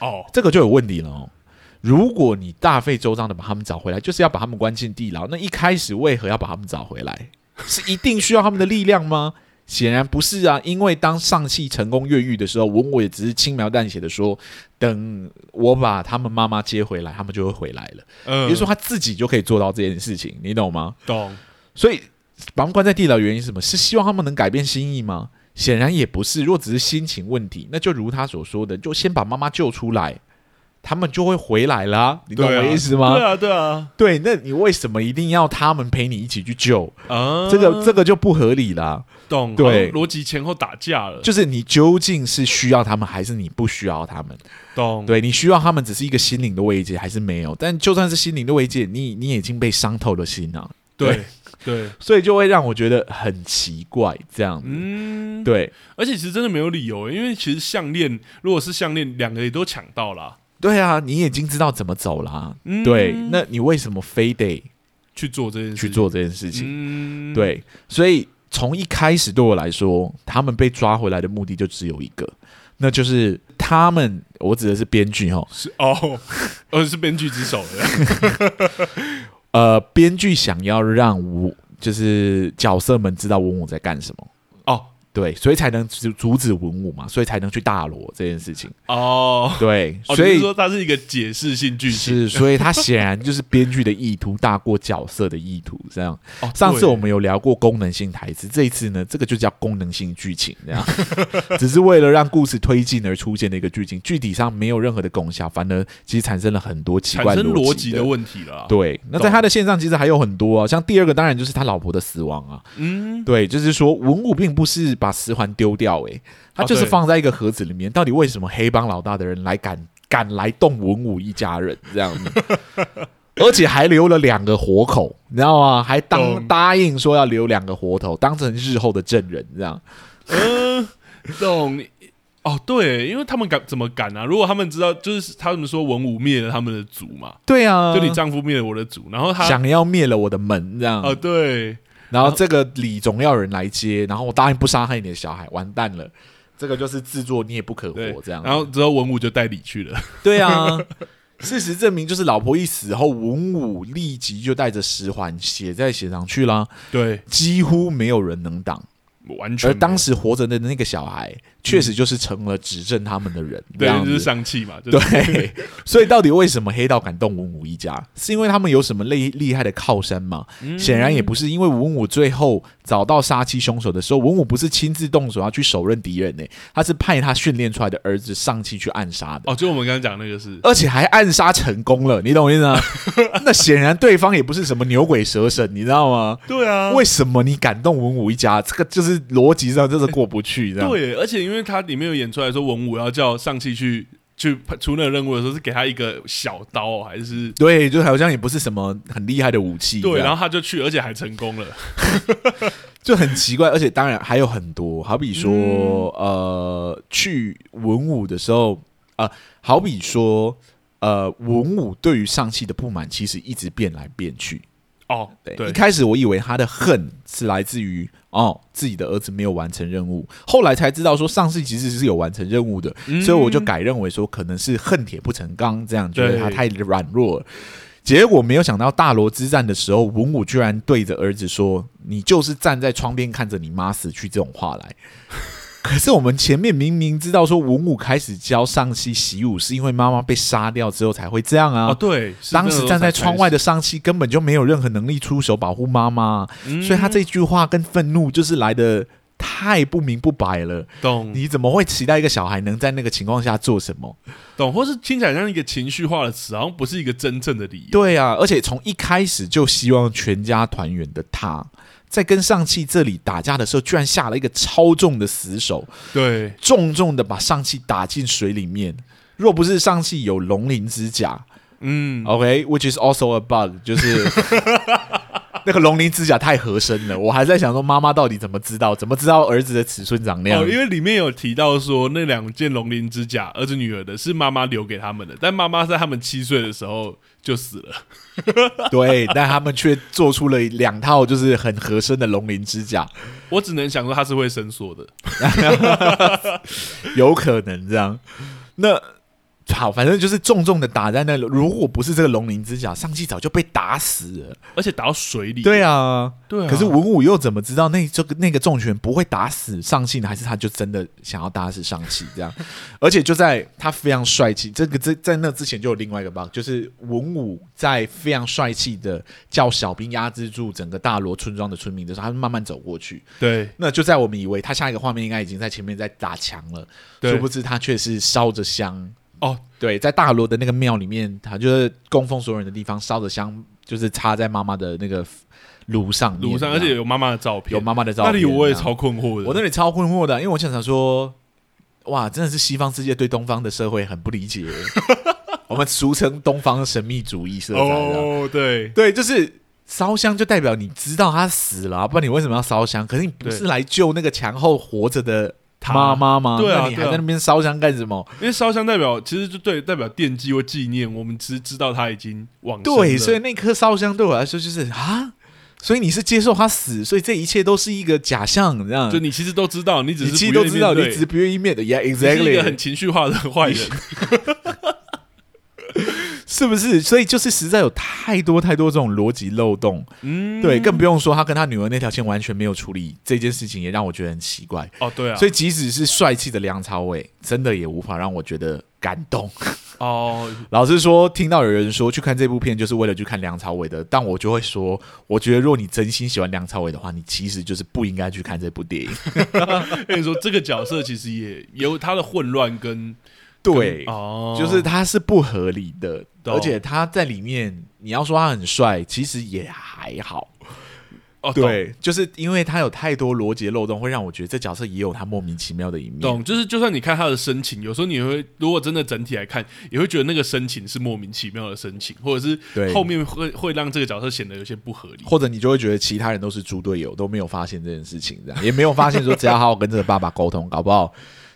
S2: 哦，這個就有問題了哦。如果你大費周章的把他們找回來，就是要把他們關進地牢。那一開始為何要把他們找回來？是一定需要他們的力量嗎？顯然不是啊。因為當尚氣成功越獄的時候，文武也只是輕描淡寫的說：“等我把他們媽媽接回來，他們就會回來了。”也就是說他自己就可以做到這件事情，你懂嗎？懂。所以把他們關在地牢的原因是什麼？是希望他們能改變心意嗎？顯然也不是。若只是心情問題，那就如他所說的，就先把媽媽救出來。他們就會回來啦，你懂我的意思嗎？對啊，對啊，啊、對。那你為什麼一定要他們陪你一起去救啊？這個這個就不合理啦。
S1: 懂？對，邏輯前後打架了。就是
S2: 你究竟是需要他們，還是你不需要他們？懂？對，你需要他們只是一個心靈的慰藉，還是沒有？但就算是心靈的慰藉，你你已經被傷透了心了。對對，對，所以就會讓我覺得很奇怪，這樣子。嗯，對。
S1: 而且其實真的沒有理由，因為其實項鏈如果是項鏈，兩個也都搶到了。
S2: 對啊，你已經知道怎麼走了，啊，嗯、對。那你為什麼非得去做這件事情去做這件事情？嗯、對，所以從一開始，對我來說，他們被抓回來的目的就只有一個，那就是他們，我指的是編劇哈、哦，是
S1: 哦，我是編劇之手的，
S2: 呃，編劇想要讓我就是角色們知道文武在幹什麼。對，所以才能阻、阻止文武嘛，所以才能去大羅這件事情。
S1: 哦，
S2: 對，oh、所以、哦、說
S1: 它是一個解釋性劇情，是，所以它顯然
S2: 就是編劇的意圖大過角色的意圖這樣。Oh、上次我們有聊過功能性台詞，這一次呢，這個就叫功能性劇情，這樣，對耶 只是為了讓故事推進而出現的一個劇情，具體上沒有任何的功效，反而其實產生了很多奇怪邏輯的、的問題了、啊。對，那在他的線上其實還有很多、啊，像第二個當然就是他老婆的死亡啊，嗯，對，就是說文武並不是把把十環丟掉、欸，哎，他就是放在一個盒子裡面。啊、對，到底為什麼黑幫老大的人來敢敢來動文武一家人這樣子， 而且還留了兩個活口，你知道嗎？還當、嗯、答應說要留兩個活頭，當成日後的證人這樣。
S1: 嗯、呃，種哦？對，因為他們敢怎麼敢啊？如果他們知道，就是他們說文武滅了他們的族嘛，
S2: 對啊，就你丈夫滅了我的族，然後他想要滅了我的門這樣哦，對。然後這個禮總要有人來接，然後我答應不傷害你的小孩，完蛋了，這個就是自作孽不可活對這樣。然後之後文武就帶禮去了，對啊， 事實證明就是老婆一死後，文武立即就帶着十環寫在寫上去啦。對，幾乎沒有人能擋。完全，而當時活着的那個小孩，確、嗯、實就是成了指證他們的人，對就，就是喪氣嘛。對， 所以到底為什麼黑道敢動文武一家？是因為他們有什麼厲厲害的靠山嗎？顯、嗯、然也不是，因為文武最後。找到殺妻兇手的時候，文武不是親自動手要去手刃敵人呢、欸，他是派他訓練出來的兒子上氣去暗殺的。
S1: 哦，就我們剛剛講那個是，而
S2: 且還暗殺成功了，你懂我意思嗎、啊？ 那顯然對方也不是什麼牛鬼蛇神，你知道嗎？對啊，為什麼你敢動文武一家？這個就是邏輯上真是過不去的。欸、對、
S1: 欸，而且因為他裡面有演出來說，文武要叫上氣去。去出那個任務的時候，是給他一個小刀，喔，還是？
S2: 對，就好像也不是什麼很厲害的武器。對，樣然後
S1: 他就去，而且還成功了，
S2: 就很奇怪。而且當然還有很多，好比說，嗯、呃，去文武的時候啊、呃，好比說，呃，文武對於尚氣的不滿其實一直變來變去。
S1: 哦，對，對對一開
S2: 始我以為他的恨是來自於。哦，自己的兒子沒有完成任務，後來才知道說尚氣其實是有完成任務的，嗯嗯，所以我就改認為說可能是恨鐵不成鋼，這樣對覺得他太軟弱了。結果沒有想到大羅之戰的時候，文武居然對着兒子說：“你就是站在窗邊看着你媽死去這種話來。”可是我們前面明明知道說文武開始教尚氣習武，是因為媽媽被殺掉之後才會這樣啊！對，當時站在窗外的尚氣根本就沒有任何能力出手保護媽媽，所以他這句話跟憤怒就是來得太不明不白了。懂？你怎麼會期待一個小孩能在那個情況下做什麼？
S1: 懂？或是聽起來像一個情緒化的詞，好像不是一個真正的理
S2: 由。對啊，而且從一開始就希望全家團圓的他。在跟尚氣這裡打架的時候，居然下了一個超重的死手，對，重重的把尚氣打進水裡面。若不是尚氣有龍鱗之甲，
S1: 嗯
S2: ，OK，which、okay, is also a bug，就是 那個龍鱗之甲太合身了。我還在想說，媽媽到底怎麼知道？怎麼知道兒子的尺寸長那樣，哦？因
S1: 為裡面有提到說，那兩件龍鱗之甲，兒子女兒的是媽媽留給他們的，但媽媽在他們七歲的時候。就死了，
S2: 對，但他們卻做出了兩套就是很合身的龍鱗指甲。
S1: 我只能想說，它是會伸縮的，
S2: 有可能這樣。那。好，反正就是重重的打在那裡。如果不是這個龍鱗之甲，上氣早就被打死了，而且打到水裡。對啊，對啊。可是文武又怎麼知道那這個那個重拳不會打死上氣呢？還是他就真的想要打死上氣這樣？ 而且就在他非常帥氣，這個這在那之前就有另外一個 bug，就是文武在非常帥氣的叫小兵壓制住整個大羅村莊的村民的時候，他就慢慢走過去。對。那就在我們以為他下一個畫面應該已經在前面在打牆了，對殊不知他卻是燒着香。哦，oh, 對，在大羅的那個廟裡面，他就是供奉所有人的地方，燒着香就是插在媽媽的那個爐上，爐上，而
S1: 且有媽媽的照片，有媽媽的照片。那裡我也超
S2: 困惑的，我那裡超困惑的，因為我經常說，哇，真的是西方世界對東方的社會很不理解。 我們俗稱東方神秘主義色彩哦，oh, 對對，就是燒香就代表你知道他死了，不然你為什麼要燒香？可是你不是來救那個牆後活着的。媽媽嗎？對啊，你還在那邊燒香幹什麼？因為
S1: 燒香代表，其實就對，代表奠祭或紀念。我們其實知道他已經往生，對，所以
S2: 那顆燒香對我來說就是啊。所以你是接受他死，所以這一切都是一個假象，這樣。就你
S1: 其實都知道，你只是不願意面對，對，
S2: 對。Yeah, exactly。是一個很
S1: 情緒化的壞人。
S2: 是不是？所以就是實在有太多太多這種邏輯漏洞，嗯，對，更不用說他跟他女兒那條線完全沒有處理這件事情，也讓我覺得很奇怪哦。對啊，所以即使是帥氣的梁朝偉，真的也無法讓我覺得感動哦。 老實說，聽到有人說去看這部片就是為了去看梁朝偉的，但我就會說，我覺得如果你真心喜歡梁朝偉的話，你其實就是不應該去看這部電影。
S1: 所以說，這個角色其實也有他的混亂跟，跟
S2: 對哦，就是他是不合理的。懂而且他在裡面，你要說他很帥，其實也還好。哦，對，懂就是因為他有太多邏輯漏洞，會讓我覺得這角色也有他莫名其妙的一面。懂，
S1: 就是就算你看他的深情，有時候你會如果真的整體來看，也會覺得那個深情是莫名其妙的深情，或者是對後面會對會讓這個角色顯得有些不合
S2: 理，或者你就會覺得其他人都是豬隊友，都沒有發現這件事情，這樣也沒有發現說，只要好好跟這個爸爸溝通， 搞不好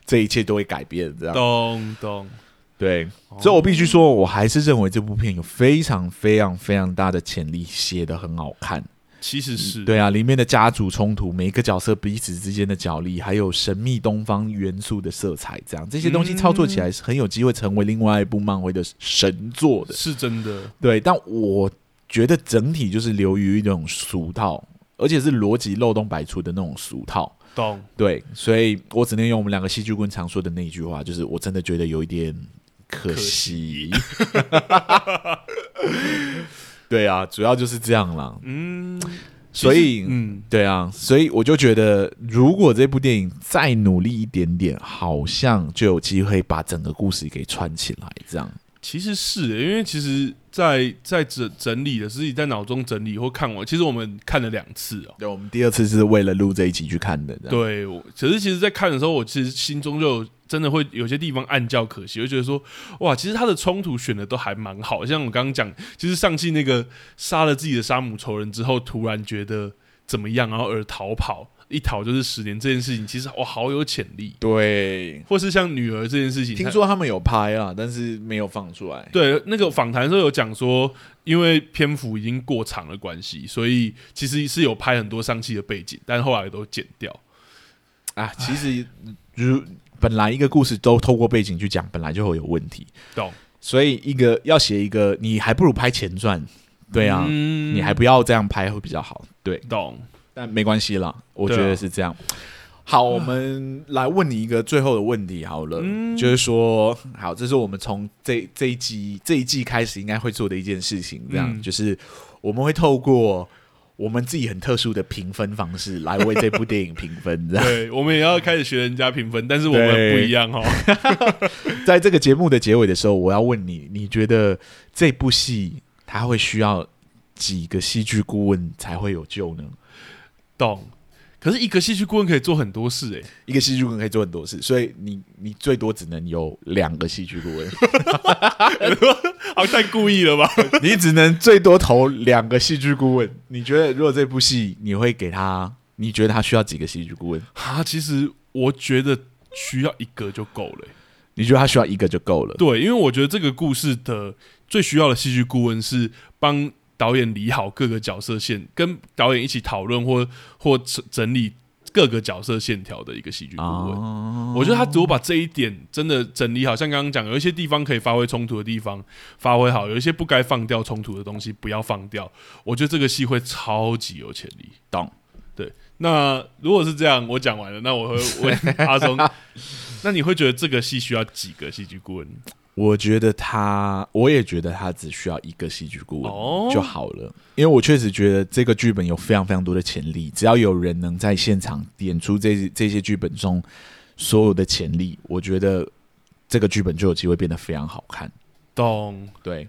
S2: 這一切都會改變，這樣。
S1: 懂懂。懂
S2: 對，所以，我必須說，我還是認為這部片有非常、非常、非常大的潛力，寫得很好看。其實是、嗯、對啊，裡面的家族衝突，每一個角色彼此之間的角力，還有神秘東方元素的色彩，這樣這些東西操作起來是很有機會成為另外一部漫威的神
S1: 作的。是真的。
S2: 對，但我覺得整體就是流於一種俗套，而且是邏輯漏洞百出的那種俗套。懂。對，所以我只能用我們兩個戲劇棍常說的那一句話，就是我真的覺得有一點。可惜，可惜， 對啊，主要就是這樣啦。嗯，所以，嗯、對啊，是所以我就覺得，如果這部電影再努力一點點，好像就有機會把整個故事給串起來。這樣，
S1: 其實是、欸、因為其實。在在整整理的，自己在腦中整理或看完。其實我們看了兩次哦、喔。對，我們
S2: 第二次是為了錄這一集去看的。對
S1: 我，可是其實，在看的時候，我其實心中就真的會有些地方暗叫可惜，就覺得說，哇，其實他的衝突選的都還蠻好。像我剛剛講，其、就、實、是、尚氣那個殺了自己的殺母仇人之後，突然覺得怎麼樣，然後而逃跑。一逃就
S2: 是十年這件事情，其實我好有潛力。對，
S1: 或是像女兒這件事情，聽說他們有
S2: 拍啊，但是沒有放出來。
S1: 對，那個訪談的時候有講說，因為篇幅已經過長的關係，所以其實是有拍很多尚氣的背景，但後來都剪掉。
S2: 啊，其實如唉本來一個故事都透過背景去講，本來就會有問題。懂。所以一個要寫一個，你還不如拍前傳。對啊，嗯、你還不要這樣拍會比較好。對，懂。那沒關係啦，我覺得是這樣。啊、好，我們來問你一個最後的問題好了，嗯、就是說，好，這是我們從這這一季這一季開始應該會做的一件事情，這樣、嗯、就是我們會透過我們自己很特殊的評分方式來為這部電影評分， 這樣，對，
S1: 我們也要開始學人家評分，但是我們不一樣哦。
S2: 對 在這個節目的結尾的時候，我要問你，你覺得這部戲它會需要幾個戲劇顧問才會有救呢？懂，可是一個戲劇顧問可以做很多事哎、欸，一個戲劇顧問可以做很多事，所以你你最多只能有兩個戲劇顧問，好 太故意了吧？你只能最多投兩個戲劇顧問。你覺得如果這部戲你會給他？你覺得他需要幾個戲劇顧問？
S1: 他其實我覺得需要一個就夠了、
S2: 欸。你覺得他需要一個就夠了？
S1: 對，因為我覺得這個故事的最需要的戲劇顧問是幫。導演理好各個角色線，跟導演一起討論或或整理各個角色線條的一個戲劇顧問。Oh、我覺得他如果把這一點真的整理好，像剛剛講，有一些地方可以發揮衝突的地方發揮好，有一些不該放掉衝突的東西不要放掉。我覺得這個戲會超級有潛力。當懂對，那如果是這樣，我講完了，那我會問阿松， 那你會覺得這個戲需要幾個戲劇顧
S2: 問？我覺得他，我也覺得他只需要一個戲劇顧問就好了，oh. 因為我確實覺得這個劇本有非常非常多的潛力，只要有人能在現場演出這這些劇本中所有的潛力，我覺得這個劇本就有機會變得非常好看。
S1: 咚懂，對，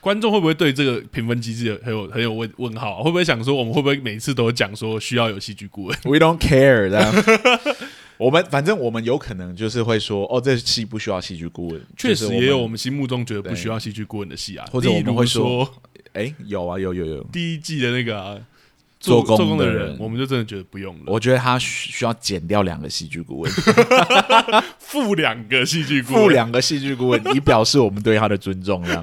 S1: 觀眾會不會對這個評分機制很有很有問問號、啊？會不會想說我們會不會每次都講說需要有戲劇顧問？We
S2: don't care，這樣，哈哈哈哈哈。 我們反正我們有可能就是會說哦，這戲不需要戲劇顧問。確確實也有我們心目中覺得不需要戲劇顧問的戲啊。或者我們會說，哎、欸，有啊，有有有。第
S1: 一季的那個、啊、做,做工的人，的人我們就真的覺得不用
S2: 了。我覺得他需要剪掉兩個戲劇顧問，負兩 個戲劇顧問，負兩個戲劇顧問以表示我們對他的尊重。這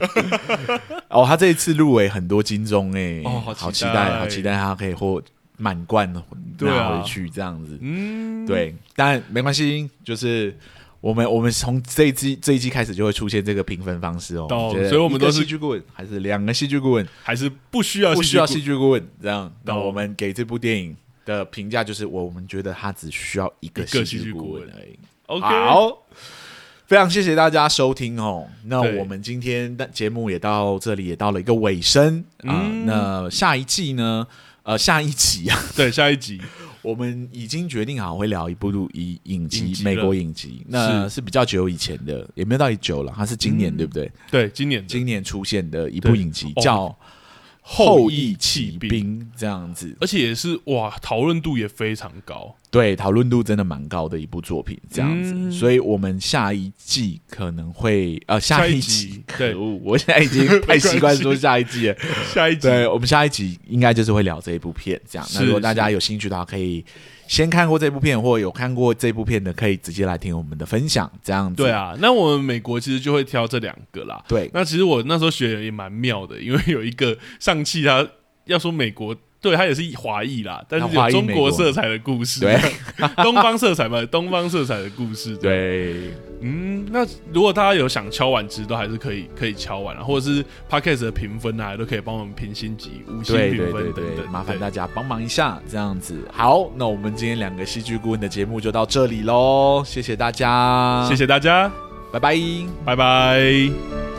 S2: 哦，他這一次入圍很多金鐘哎，哦，好期,好期待，好期待他可以獲。滿貫拿回去這樣子，啊、嗯，對，但沒關係，就是我們我們從這一季這一季開始就會出現這個評分方式哦，所以對，我們都是還是兩個戲劇顧問，還是不需要不需要戲劇顧問這樣。對那我們給這部電影的評價就是，我們覺得它只需要一個一個戲劇顧問而已。而已 Okay 好，非常謝謝大家收聽哦。那我們今天的節目也到這裡也到了一個尾聲對啊。那下一季呢？呃，下一集啊，對，下一集 我們已經決定好會聊一部影集影集，美國影集，那是比較久以前的，也沒有到一久了，它是今年、嗯、對不對？對，今年今年出現的一部影集對叫，哦。後裔奇兵，裔兵這樣子，
S1: 而且也是哇，討論度也非常高。
S2: 對，討論度真的蠻高的，一部作品這樣子。嗯、所以我們下一季可能會呃，下一集。可惡，我現在已經太習慣說下一季了。 下一集，對，我們下一集應該就是會聊這一部片這樣。是那如果大家有興趣的話，可以。先看過這部片，或有看過這部片的，可以直接來聽我們的分享，這樣子。對啊，
S1: 那我們美國其實就會挑這兩個啦。對，那其實我那時候學也蠻妙的，因為有一個尚氣他要說美國，對，他也是華裔啦，但是有中國色彩的故事，對 東方色彩嘛，東方色彩的故事，對。嗯，那如果大家有想敲碗，其實都還是可以，可以敲碗了啊，或者是 podcast 的評分啊，都可以幫我們評星
S2: 級、五星評分等等，對對對對，麻煩大家幫忙一下，這樣子。好，那我們今天兩個戲劇顧問的節目就到這裡嘍，謝謝大家，謝謝大家，拜拜，拜拜。